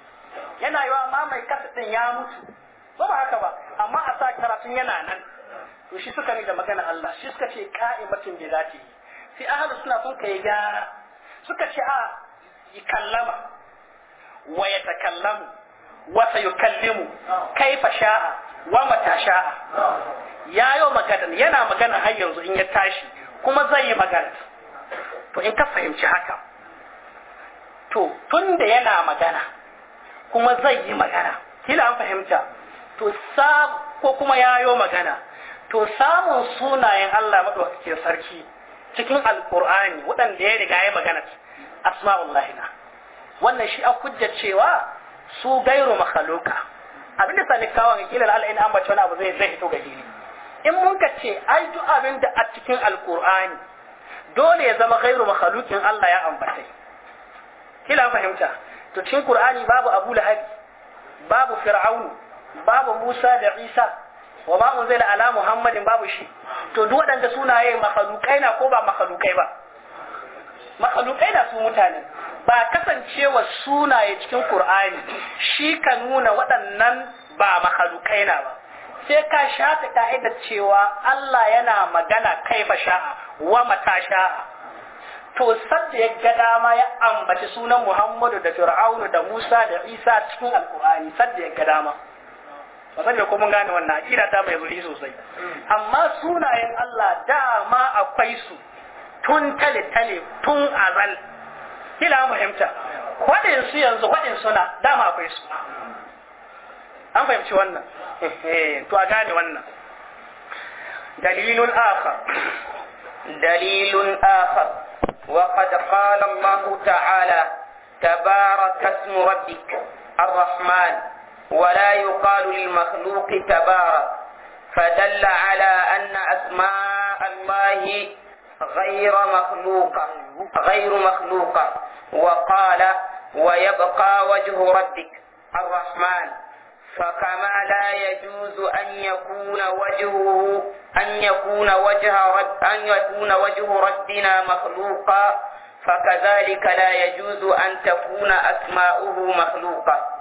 yana yiwa ma mai cassette din ya mutu ba haka ba amma a sa karatun yana nan to shi suka ne da magana Allah shi suka ce ka'imatun bi zati sai ahlus suna sun kai gyara suka ce a yakallama wa yatakallamu wa sayukallimu kaifa sha'a wa mata sha'a yayo magana yana magana har yanzu in ya tashi kuma zai yi magana to in ka fahimci haka to tunda yana magana kuma zai yi magana kila an fahimta to sa ko kuma yayo magana to samun sunayen Allah maɗaukakin sarki cikin alƙur'ani waɗanda ya riga ya magana asma'ul lahina. wannan shi a hujja cewa su gairu makhluka abinda sani kawon kila Allah in ambaci wani abu zai zai hito ga hili in mun ka ce ai duk abin da a cikin alƙur'ani dole ya zama gairu makhlukin Allah ya ambace kila fahimta to cikin Qur'ani babu Abu lahabi babu Fir'aun babu Musa da Isa wa ma unzila ala muhammadin babu shi to duk waɗanda sunaye makhalukai na ko ba makhalukai ba makhalukai na su mutane ba kasancewa sunaye cikin qur'ani shi ka nuna waɗannan ba makhalukai na ba sai ka shata ka'idar cewa Allah yana magana kai fa sha'a wa mata sha'a to sadda ya ga dama ya ambaci sunan Muhammadu da Fir'aunu da Musa da Isa cikin Alƙur'ani sadda ya ga dama ba san me ko mun gane wannan akida ta mai zuri sosai amma sunayen Allah dama akwai su tun tale tale tun azal kila mu fahimta wadin su yanzu wadin suna dama akwai su an fahimci wannan to a gane wannan dalilun akhar dalilun akhar وقد قال الله تعالى تبارك اسم ربك الرحمن ولا يقال للمخلوق تبارك فدل على أن أسماء الله غير مخلوقة غير مخلوقة وقال ويبقى وجه ربك الرحمن فكما لا يجوز أن يكون وجهه أن يكون وجه رب أن يكون وجه ربنا مخلوقا فكذلك لا يجوز أن تكون أسماؤه مخلوقة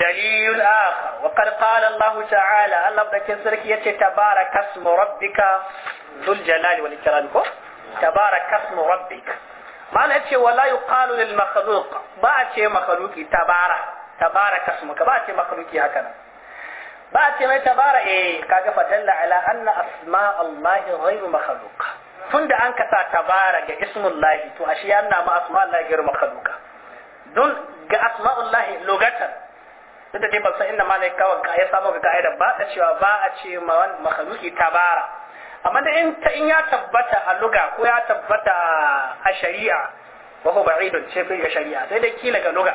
دليل آخر وقد قال الله تعالى الله بدك سرك تبارك اسم ربك ذو الجلال والإكرام تبارك اسم ربك ما نأتي ولا يقال للمخلوق بأتي مخلوق تبارك تبارك اسمك بأتي مخلوق هكذا بأتي ما تبارك إيه كاك فدل على أن أسماء الله غير مخلوقة فند أنك تبارك اسم الله تو أشياء to أسماء الله غير ma ga asma'ullahi lugatan duk da dai ban na inda malai kawai ya samu ga ka'ida ba ta cewa ba a ce ma wani makhluki tabara amma da in ta in ya tabbata a luga ko ya tabbata a shari'a wa huwa ba'idun ce fi ga shari'a sai dai kila ga luga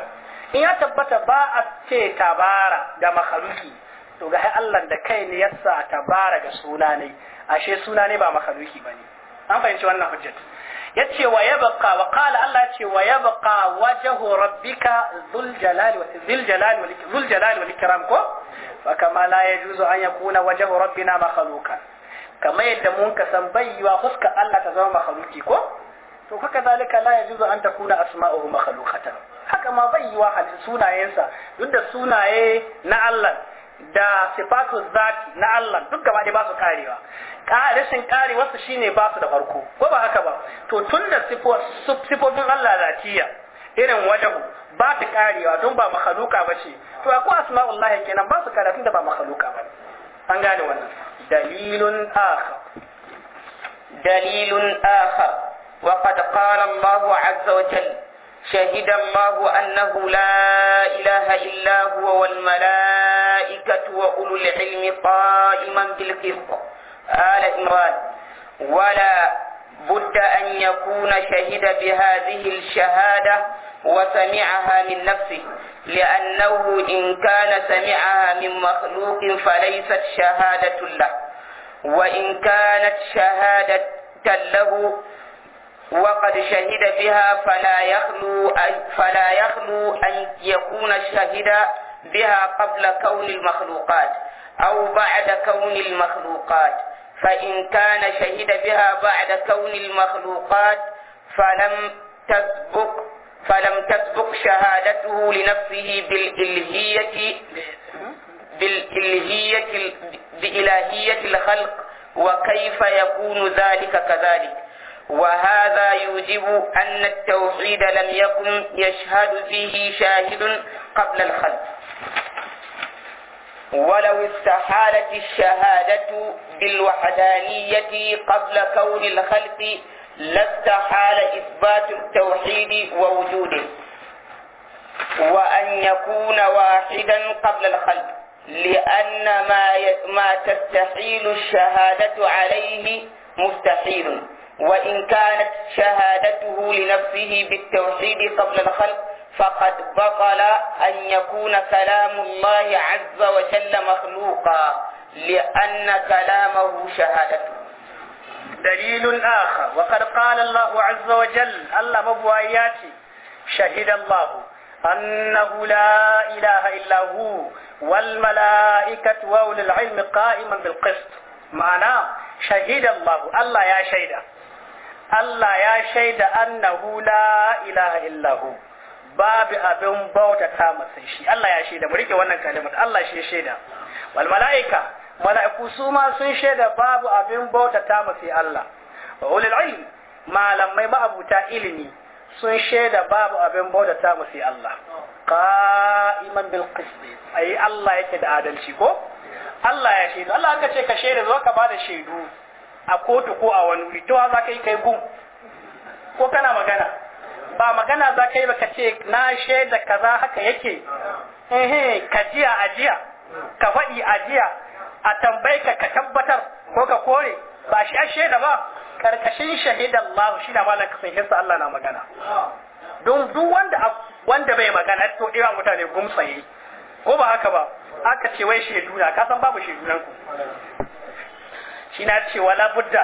in ya tabbata ba a ce tabara da makhluki to ga Allah da kai ne yasa tabara ga suna ne ashe suna ne ba makhluki bane an fahimci wannan hujjatu yace wa yabqa wa qala Allah yace wa yabqa wajhu rabbika dhul jalali wa dhul jalali wal dhul jalali wal ikram ko fa kama la yajuzu an yakuna wajhu rabbina makhluqan kamar yadda mun ka san bayyuwa fuska Allah ta zama makhluqi ko to haka zalika la yajuzu an takuna asma'uhu makhluqatan haka ma bayyuwa halin sunayensa duk da sunaye na Allah da sifatu zati na Allah duk gaba ɗaya ba su karewa rashin kare wasu shine ba su da farko ko ba haka ba to tun da sifofin Allah zatiya irin wajahu ba ta karewa don ba makhaluka ba ce to akwai asma'ullahi kenan ba su karatun da ba makhaluka ba an gane wannan dalilun akhar dalilun akhar وقد قال الله عز وجل شهد الله أنه لا إله إلا هو والملائكة وأولو العلم قائما بالقسط آل إمران ولا بد أن يكون شهد بهذه الشهادة وسمعها من نفسه لأنه إن كان سمعها من مخلوق فليست شهادة له وإن كانت شهادة له وقد شهد بها فلا يخلو أن, فلا يخلو أن يكون شهد بها قبل كون المخلوقات أو بعد كون المخلوقات فإن كان شهد بها بعد كون المخلوقات فلم تسبق فلم تسبق شهادته لنفسه بالإلهية بالإلهية بإلهية الخلق وكيف يكون ذلك كذلك وهذا يوجب أن التوحيد لم يكن يشهد فيه شاهد قبل الخلق ولو استحالت الشهادة بالوحدانية قبل كون الخلق لاستحال إثبات التوحيد ووجوده وأن يكون واحدا قبل الخلق لأن ما تستحيل الشهادة عليه مستحيل وإن كانت شهادته لنفسه بالتوحيد قبل الخلق فقد بطل أن يكون كلام الله عز وجل مخلوقا لأن كلامه شهادته دليل آخر وقد قال الله عز وجل الله آياتي شهد الله أنه لا إله إلا هو والملائكة وأولي العلم قائما بالقسط معناه شهد الله الله يا شهده Allah ya shaida annahu la ilaha illahu babu abin bauta ta masai shi Allah ya shaida mu rike wannan kalimar Allah shi shaida wal malaika mala'iku su ma sun shaida babu abin bauta ta masai Allah wa ulil ilm malamai ma'abuta ilimi sun shaida babu abin bauta ta masai Allah qa'iman bil qist ai Allah yake da adalci ko Allah ya shaida Allah aka ce ka shaida zo ka bada shaidu a kotu ko a wani wuri to za ka yi kai gum ko kana magana ba magana za ka yi ba ka ce na shaida kaza haka yake ehe ka jiya ajiya ka faɗi ajiya a tambayi ka ka tabbatar ko ka kore ba shi a shaida ba karkashin shahidan Allah shi da malaka sai hinsa Allah na magana don duk wanda wanda bai magana to dai mutane gumsaye ko ba haka ba aka ce wai shaiduna? ka san babu shaidu ku shi na ce wala budda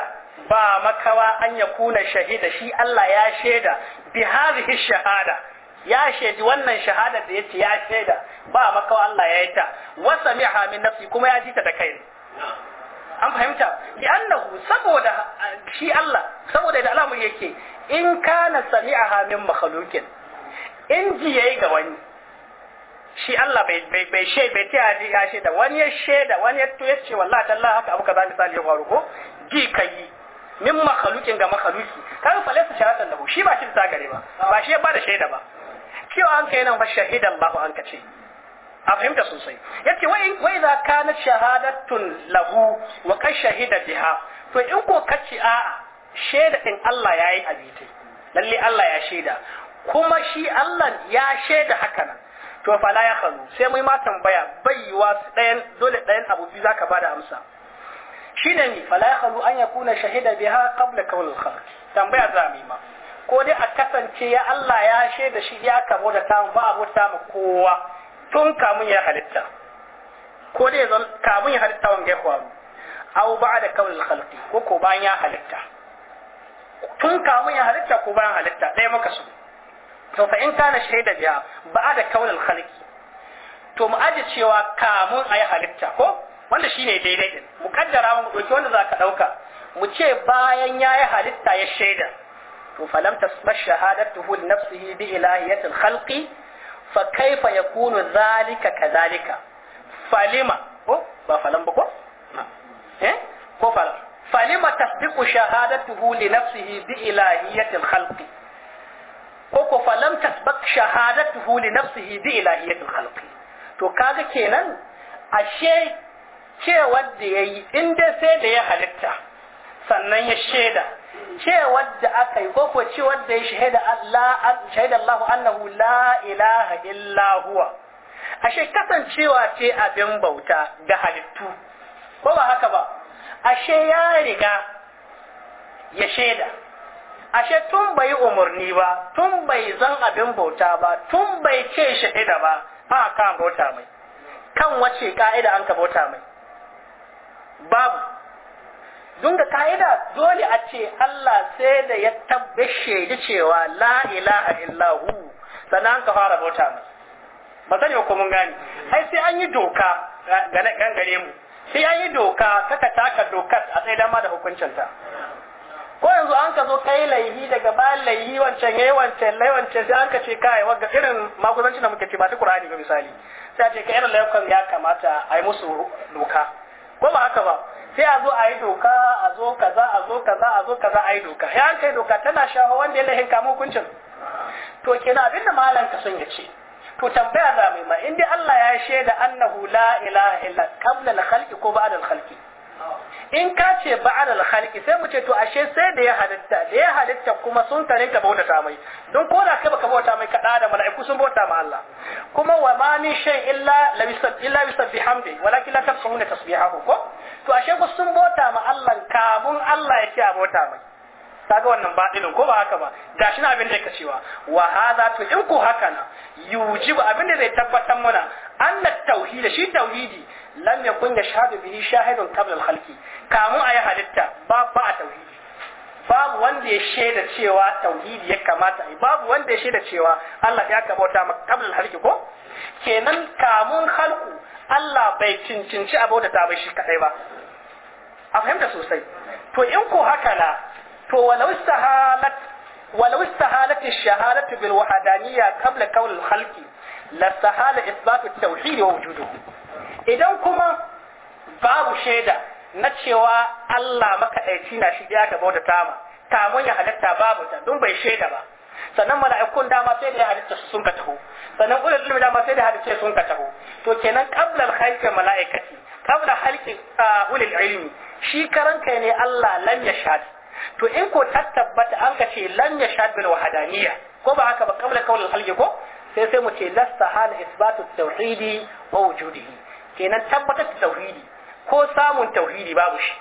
ba makawa an ya kuna shahida shi Allah ya shaida bi hadhihi shahada ya shaidi wannan shahada da yace ya shaida ba makawa Allah ya yi ta wa sami'a min nafsi kuma ya ji ta da kai an fahimta li'annahu saboda shi Allah saboda da al'amuri yake in kana sami'aha min makhluqin in ji yayi ga wani shi Allah bai bai bai she bai ta ji ya she da wani ya she da wani ya to ya ce wallahi tallahi haka abu kaza misali ya faru ko ji kai min makhluqin ga makhluqi kaga fa laysa sharatan da shi ba shi ta gare ba ba shi ya bada shaida ba cewa an kai nan ba shahidan Allahu an kace a fahimta sosai yace wa wai za ka na shahadatun lahu wa ka shahida biha to in ko kace a'a shaida din Allah yayi abite lalle Allah ya shaida kuma shi Allah ya shaida haka nan to fa la ya sai mai ma tambaya baiwa ɗayan dole ɗayan abu biyu zaka bada amsa shine ni fa la ya khazu an yakuna shahida biha qabla kawl al tambaya za mu ma ko dai a kasance ya Allah ya shaida shi ya kamo da tamu ba ta mu kowa tun kamun ya halitta ko dai zan kamun ya halitta wanga ya faru aw ba'da kawl al ko ko bayan ya halitta tun kamun ya halitta ko bayan halitta ɗaya muka so to fa in kana shaida biya ba da kaunar khalqi to mu aji cewa kamun ayi halitta ko wanda shine daidai din mu kaddara mu doki wanda za ka dauka mu ce bayan ya yayi halitta ya shaida to falam tasma shahadatuhu li nafsihi bi ilahiyatil khalqi fa kaifa yakunu zalika kadhalika falima ko ba falam ba ko eh ko falam falima tasdiqu shahadatuhu li nafsihi bi ilahiyatil khalqi ko ko lam tasbaq shahadatuhu li nafsihi bi al khalqi to kaga kenan ashe cewar da yayi in dai sai da ya halitta sannan ya shaida cewar da aka yi ko ko cewar da ya shahada Allah shahada Allah annahu la ilaha illa huwa ashe kasancewa ce abin bauta ga halittu ko ba haka ba ashe ya riga ya shaida ashe tun bai umarni ba tun bai zan abin bauta ba tun bai ce shahida ba a kan bauta mai kan wace ka'ida an ka bauta mai babu don ga ka'ida dole a ce Allah sai da ya tabbashe da cewa la ilaha illahu sannan an ka fara bauta mai ba zan ko mun gani ai sai an yi doka gane gare mu sai an yi doka kaka taka dokar a tsaye dama da hukuncinta ko yanzu an ka zo kai laihi daga bayan laihi wancan yayi wancan lai wancan sai an ka ce kai wanga irin magudanci da muke ce ba ta Qur'ani ba misali sai a ce ka irin laifukan ya kamata a yi musu doka ko ba haka ba sai a zo a yi doka a zo kaza a zo kaza a zo kaza a yi doka ya an kai doka tana shawo wanda ya laihin kamun hukuncin to kenan abin da malam ka son ya ce to tambaya za mu yi ma in dai Allah ya shaida annahu la ilaha illa qabla al-khalqi ko ba'da al-khalqi in ka ce ba'ar al sai mu ce to ashe sai da ya halitta da ya halitta kuma sun tare ka bauta ta mai don ko da kai baka bauta mai ka da mala'iku sun bauta ma Allah kuma wa ma min shay illa la bisab illa bisab bihamdi walakin la tafqahuna tasbihahu ko to ashe ku sun bauta ma Allah kamun Allah ya ce a bauta mai kaga wannan batilin ko ba haka ba gashi na abin da yake cewa wa hadha to in ku haka na yujibu abin da zai tabbatar mana annat tauhid shi tauhidi lam yakun yashhadu bihi shahidun qabla al-khalqi kamun ayi halitta ba ba a tauhidi babu wanda ya shaida cewa tauhidi ya kamata ai babu wanda ya shaida cewa Allah ya kabauta maka qabla al-khalqi ko kenan kamun khalqu Allah bai cincinci abota ta bai shi kadai ba a fahimta sosai to in ko haka na to walau istahalat walau istahalat ash-shahadatu bil wahdaniyya qabla qawl al-khalqi la istahala idan kuma babu shaida na cewa Allah makaɗaici na shi ya ka bauta tama kamun ya halitta babu ta don bai shaida ba sannan mala'ikun dama sai da ya halitta sun ka taho sannan ulul ilmi dama sai da halitta sun ka taho to kenan qabla al-khalqi mala'ikati qabla khalqi ah, ulul ilmi shi karanta ne Allah lam yashhad to in ko ta tabbata an ka ce lam yashhad bil wahdaniyya ko ba haka ba qabla qawl al-khalqi ko sai sai mu ce lasta hal isbatu tauhidi wa wujudihi kenan tabbatar da tauhidi ko samun tauhidi babu shi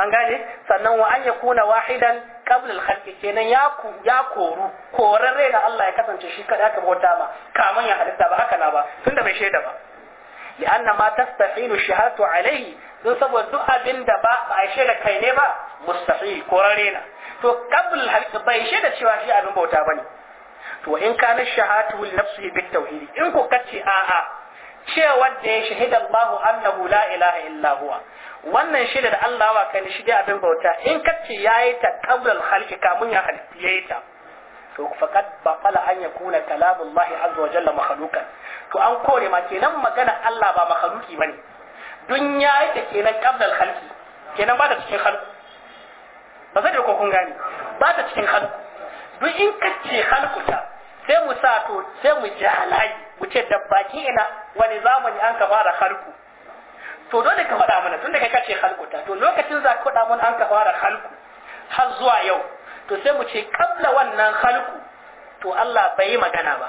an gane sannan wa an yakuna wahidan qabla al kenan ya ya koru korarre da Allah ya kasance shi kada ka bauta ma kaman ya halitta ba haka na ba tunda bai shaida ba li'anna ma tastahilu shahatu alayhi don saboda duk abin da ba ba a shaida kai ne ba mustahil korarre na to qabla al bai shaida cewa shi abin bauta bane to in kana shahatu li nafsihi Tauhidi in ko kace a'a cewa da ya shahida Allahu annahu la ilaha illa huwa wannan shaida da Allah wa kai shi dai abin bauta in kace yayi ta qabla al-khalqi kamun ya halitta yayi ta to faqad baqala an yakuna kalamullahi azza wa jalla makhluqan to an kore ma kenan magana Allah ba makhluqi bane dun yayi ta kenan qabla al-khalqi kenan ba ta cikin khalqi ba zai da ko kun gane ba ta cikin khalqi duk in kace khalquta sai mu sa to sai mu jalayi mu ce da baki ina wani zamani an ka fara halku to dole ka faɗa mana tun da kai kace halku ta to lokacin za ka faɗa mana an ka fara halku har zuwa yau to sai mu ce kabla wannan halku to Allah bai magana ba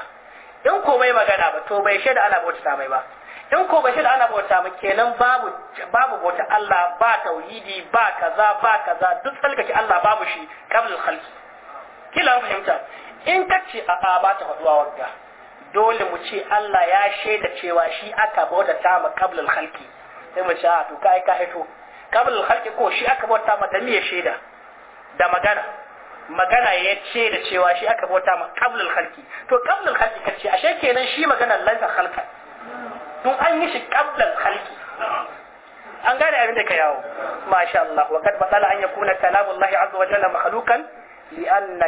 in ko bai magana ba to bai shaida ana bauta mai ba in ko bai shaida ana bauta mai kenan babu babu bauta Allah ba tauhidi ba kaza ba kaza duk tsalkake Allah babu shi kabla halku kila fahimta in ka ce a ba ta faɗuwa wagga dole mu ce Allah ya shaida cewa shi aka bauta ta ma kablal halki sai mu ce a to kai ka hito kablal halki ko shi aka bauta ma da miye shaida da magana magana ya ce da cewa shi aka bauta ma kablal halki to kablal halki kace ashe kenan shi magana lanza halka to an yi shi kablal halki an gane abin da ka yawo masha Allah wa kad matsala an yakuna kalamullahi azza wa jalla makhluqan li anna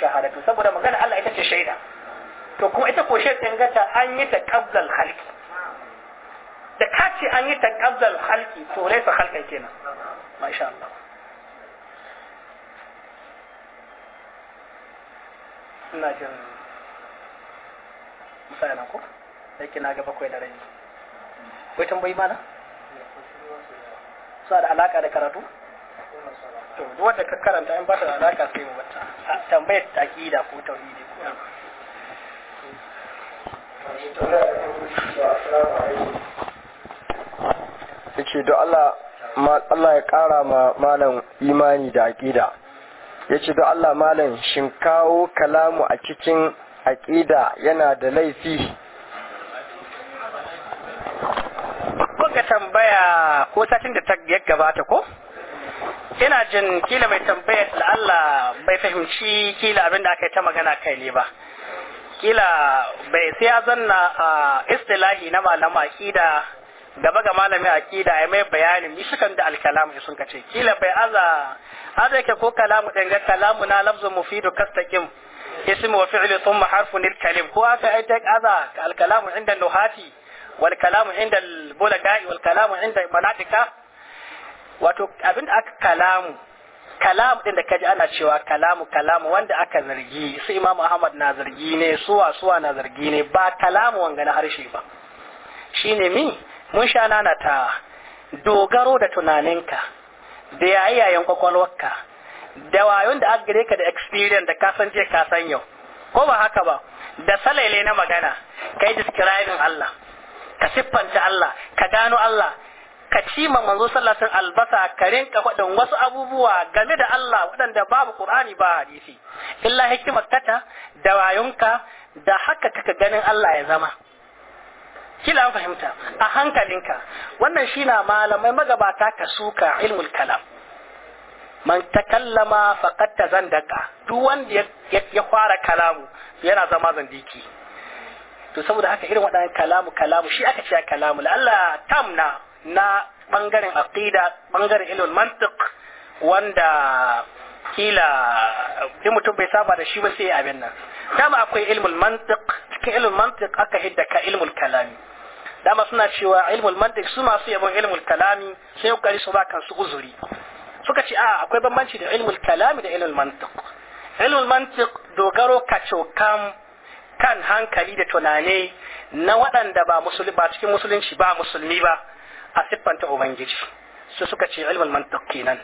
شهادة سبب saboda قال Allah ita ce shaida to kuma ita ko أن gata an yi ta qabla الخلق da ka an yi ta to kenan da rai ko tambayi mana su da alaka da karatu to duk wanda ka karanta in ba ta da alaka sai mu bata tambayar aqida ko tauhidi ko yace da Allah Allah ya kara ma malam imani da aqida yace da Allah malam shin kawo kalamu a cikin aqida yana da laifi kuka tambaya ko satin da ta gabata ko ina jin kila mai tambaya da Allah bai fahimci kila abin da aka yi ta magana kai ne ba kila bai sai ya zanna a istilahi na malama akida gaba ga malami akida ya mai bayani mishikan da alkalamu sun kace kila bai aza aza yake ko kalamu ɗin ga kalamu na lafzu mufidu kastaqim ismu wa fi'lu thumma harfu lil kalim ko aka aita aza alkalamu inda nuhati wal kalamu inda al bulagai wal kalamu inda malatika wato abin da aka kalamu kalamu din da kaji ana cewa kalamu kalamu wanda aka zargi sai imam ahmad na zargi ne suwa suwa na zargi ne ba kalamu wanga na harshe ba shine mi mun sha nana ta dogaro da tunaninka da yayin kwakwalwarka da wayon da aka gare ka da experience da kasan je kasan yau ko ba haka ba da salaile na magana kai describing Allah ka siffanta Allah ka gano Allah ka ci ma manzo sallallahu albasa ka rinka faɗin wasu abubuwa game da Allah waɗanda babu Qur'ani ba hadisi illa hikimar kata da wayonka da haka kaka ganin Allah ya zama kila an fahimta a hankalinka wannan shi na malamai magabata ka suka ilmul kalam man takallama faqad tazandaka duk wanda ya fara kalamu yana zama zandiki to saboda haka irin waɗannan kalamu kalamu shi aka ce kalamu la Allah tamna na bangaren aqida bangaren ilmin mantiq wanda kila in mutum bai saba da shi ba sai abin nan dama akwai ilmul mantiq cikin ilmul mantiq aka hidda ka ilmul kalami dama suna cewa ilmul mantiq su masu yabon ilmul kalami sai kokari su ba kansu uzuri suka ce a akwai bambanci da ilmul kalami da ilmul mantiq ilmul mantiq dogaro ka cokam kan hankali da tunane na waɗanda ba musulmi ba cikin musulunci ba musulmi ba a siffanta ubangiji su suka ce ilmin mantiq kenan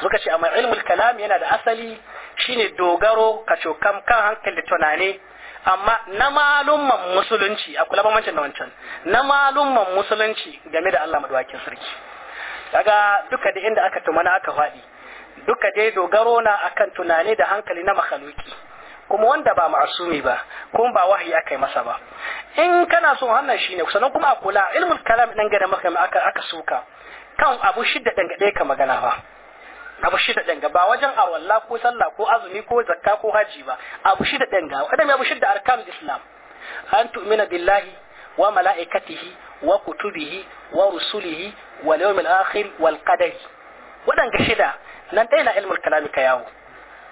suka ce amma ilmul kalam yana da asali shine dogaro ka cokam kan hankali tunane amma na malumman musulunci a kula bambancin da wancan na malumman musulunci game da Allah madawakin sarki kaga duka da inda aka tumana aka faɗi duka dai dogaro na akan tunani da hankali na makhaluki kuma wanda ba ma'asumi ba kuma ba wahayi aka yi masa ba in kana so wannan shine sannan kuma a kula ilmul kalam dan gada maka aka aka suka kan abu shidda dan gade ka magana ba abu shidda dan ba wajen walla ko sallah ko azumi ko zakka ko haji ba abu shidda dan ga adam abu shidda arkan islam an tu'mina billahi wa mala'ikatihi wa kutubihi wa rusulihi wa yawmil akhir wal qadari wadanga shida nan dai na ilmul kalami ka yawo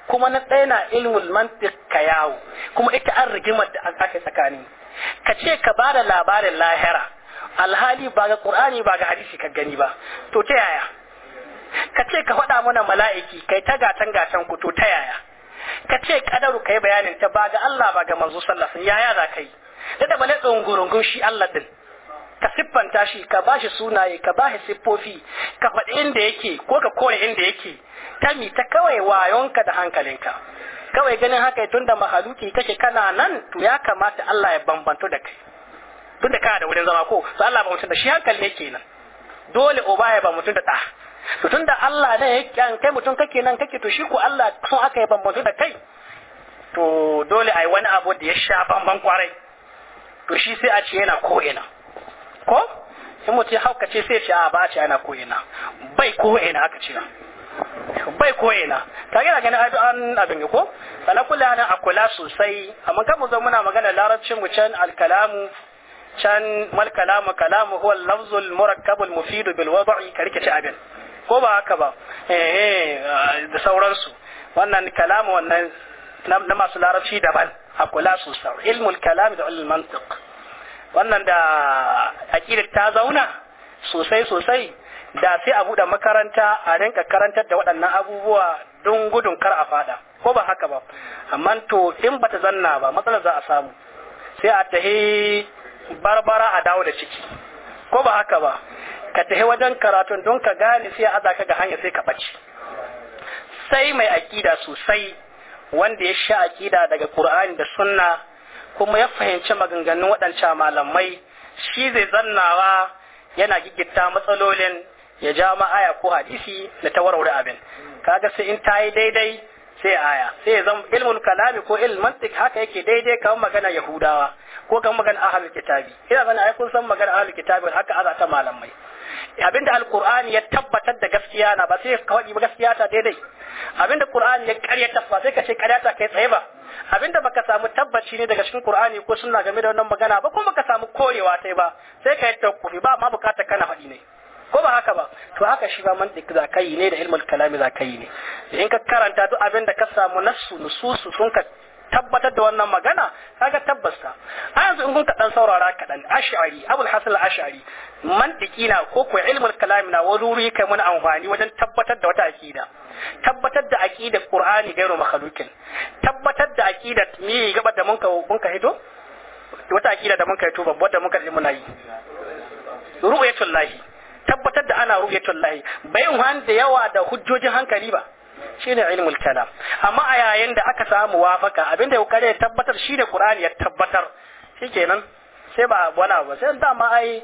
kuma na ɗaya na ilmul mantiq ka yawo kuma ita an rigimar da aka tsakani ka ce ka ba da labarin lahira alhali ba ga qur'ani ba ga hadisi ka gani ba to ta yaya ka ce ka faɗa mana mala'iki kai ta gatan gatan ku to ta yaya ka ce kadaru kai bayanin ta ba ga Allah ba ga manzo sallallahu alaihi wasallam yaya za kai da da bale dungurungun shi Allah din ka siffanta shi ka bashi sunaye ka bashi siffofi ka faɗi inda yake ko ka kone inda yake ta mi ta kawai wayonka da hankalinka kawai ganin haka tun da mahaluki kake kana nan to ya kamata Allah ya bambanto da kai tun da kana da wurin zama ko to Allah ba mutum da shi hankali ne nan. dole uba ya ba mutum da ɗa to tun da Allah ne ya kai mutum kake nan kake to shi ko Allah sun aka ya bambanto da kai to dole a yi wani abu da ya sha bamban kwarai to shi sai a ce yana ko ina ko in mutum hauka ce sai ce a ba ce ana ko bai ko ina aka ce bai ko ina gina gani ganin an abin ko sana kula na a kula sosai amma kan mu zo muna magana larabcin mu can alkalamu can mal kalamu kalamu huwa lafzul murakkabul mufidu bil wad'i ka rikice abin ko ba haka ba eh, eh da sauransu wannan kalamu wannan na masu larabci daban a kula sosai ilmul kalamu da ilmul mantiq wannan da aƙidar ta zauna sosai sosai da sai a buɗe makaranta a rinka karantar da waɗannan abubuwa don gudun kar a fada ko ba haka ba amma to in bata zanna ba matsalar za a samu sai a tahi barbara a dawo da ciki ko ba haka ba ka tahi wajen karatun don ka gane sai a ka ga hanya sai ka ɓace sai mai aƙida sosai wanda ya sha aƙida daga Qur'ani da Sunna kuma ya fahimci maganganun waɗancan malamai shi zai zannawa yana gigita matsalolin ya ja aya ko hadisi da ta warware abin kaga sai in ta yi daidai sai aya sai zan ilmul kalami ko ilmul mantiq haka yake daidai kamar magana yahudawa ko kamar magana ahlul kitabi ina bana ai kun san magana ahlul kitabi haka aza ta malamai abinda alqur'ani ya tabbatar da gaskiya na ba sai ka wadi ba gaskiya ta daidai abinda qur'ani ya karyata ba sai ka ce karyata kai tsaye ba abinda baka samu tabbaci ne daga cikin qur'ani ko sunna game da wannan magana ba kuma baka samu korewa tai ba sai ka yi tawakkufi ba ma bukata kana faɗi ne ko ba haka ba to haka shi ba mantiq za ka ne da ilmul kalami za ka ne in ka karanta duk abin da ka samu nasu nususu sun ka tabbatar da wannan magana kaga tabbasta a yanzu in kun ka dan saurara kaɗan ash'ari abul hasan ash'ari mantiki na ko ko ilmul kalam na wani kai mun amfani wajen tabbatar da wata akida tabbatar da aqida qur'ani gairu makhluqin tabbatar da aqida mi gaba da mun ka mun ka hito wata akida da mun kai to babbar da mun kalli muna yi ru'yatul lahi tabbatar da ana ru'yatul lahi bayan da yawa da hujjojin hankali ba shine ilmul kalam amma a yayin da aka samu wafaka da ya kare tabbatar shi ne qur'ani ya tabbatar shikenan sai ba wala ba sai ma ai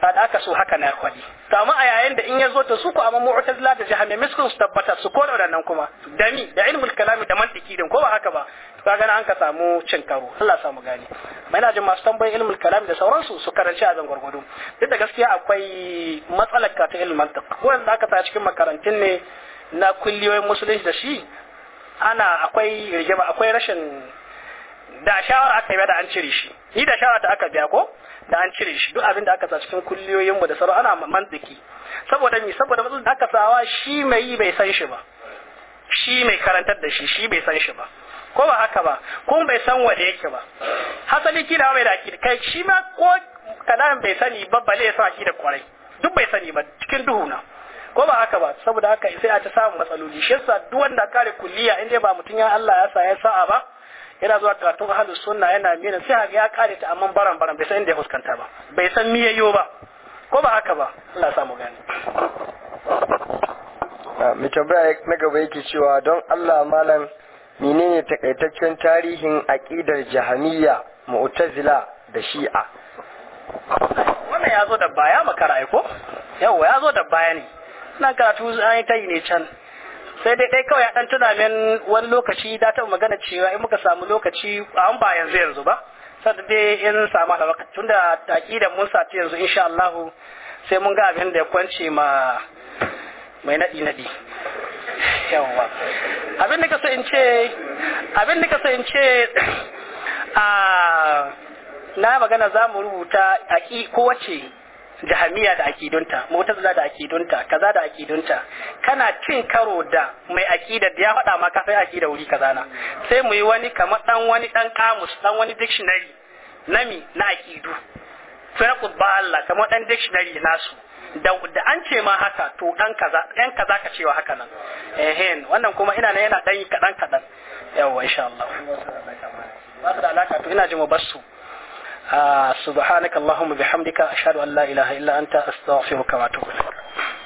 da aka so haka na kwadi to amma a yayin da in ya zo to su ku amma mu'tazila da jahame miskun su tabbata su ko da nan kuma dami da ilmul kalam da mantiki din ko ba haka ba to kaga an ka samu cin karo Allah samu gani mai na jin masu tambayin ilmul kalami da sauransu su karanci a zan gudu duk da gaskiya akwai matsalar ka ta ilmin ko yanzu aka ta cikin makarantun ne na kulliyoyin musulunci da shi ana akwai rigima akwai rashin da shawara aka yi da an cire shi ni da shawara ta aka biya ko da an cire shi duk abin da aka sa cikin kulliyoyin mu da sauran ana mantiki saboda ni saboda mutum da aka sawa shi mai yi bai san shi ba shi mai karantar da shi shi bai san shi ba ko ba haka ba kuma bai san da yake ba hasali kila mai da ki kai shi ma ko kadan bai sani ba balle ya sa da kwarai duk bai sani ba cikin duhu na ko ba haka ba saboda haka sai a ta samu matsaloli shi yasa duk wanda kare kulliya in dai ba mutum ya Allah ya sa ya sa'a ba yana zuwa karatun ahli sunna yana mina sai ya kare ta amma baran baran bai san inda ya fuskanta ba bai san miyayyo ba ko ba haka ba Allah ya samu gani mai tambaya na gaba yake cewa don Allah malam menene takaitaccen tarihin aqidar jahamiyya mu'tazila da shi'a wannan ya zo da baya makara aiko yawa ya zo da baya ne nan karatu an yi ne can sai dai dai kawai a dan tuna min wani lokaci da ta magana cewa in muka samu lokaci an ba yanzu yanzu ba sai dai in samu da lokaci tunda taqidan mun sa ta yanzu insha Allah sai mun ga abin da ya kwance ma mai nadi nadi yawa abin da so in ce abin da so in ce a ah, na magana za mu rubuta aki kowace jahamiya da akidunta motar da akidunta kaza da akidunta kana cin karo da mai akidar da ya faɗa maka sai akida wuri kaza na sai mu yi wani kamar dan wani dan kamus dan wani dictionary nami na akidu ba Allah kamar dan dictionary nasu da da an ce ma haka to dan kaza dan kaza ka cewa haka nan eh wannan kuma ina ne yana dan kadan kadan yawa insha Allah ba su da alaka to ina jin mu basu آه، سبحانك اللهم بحمدك أشهد أن لا إله إلا أنت أستغفرك وأتوب إليك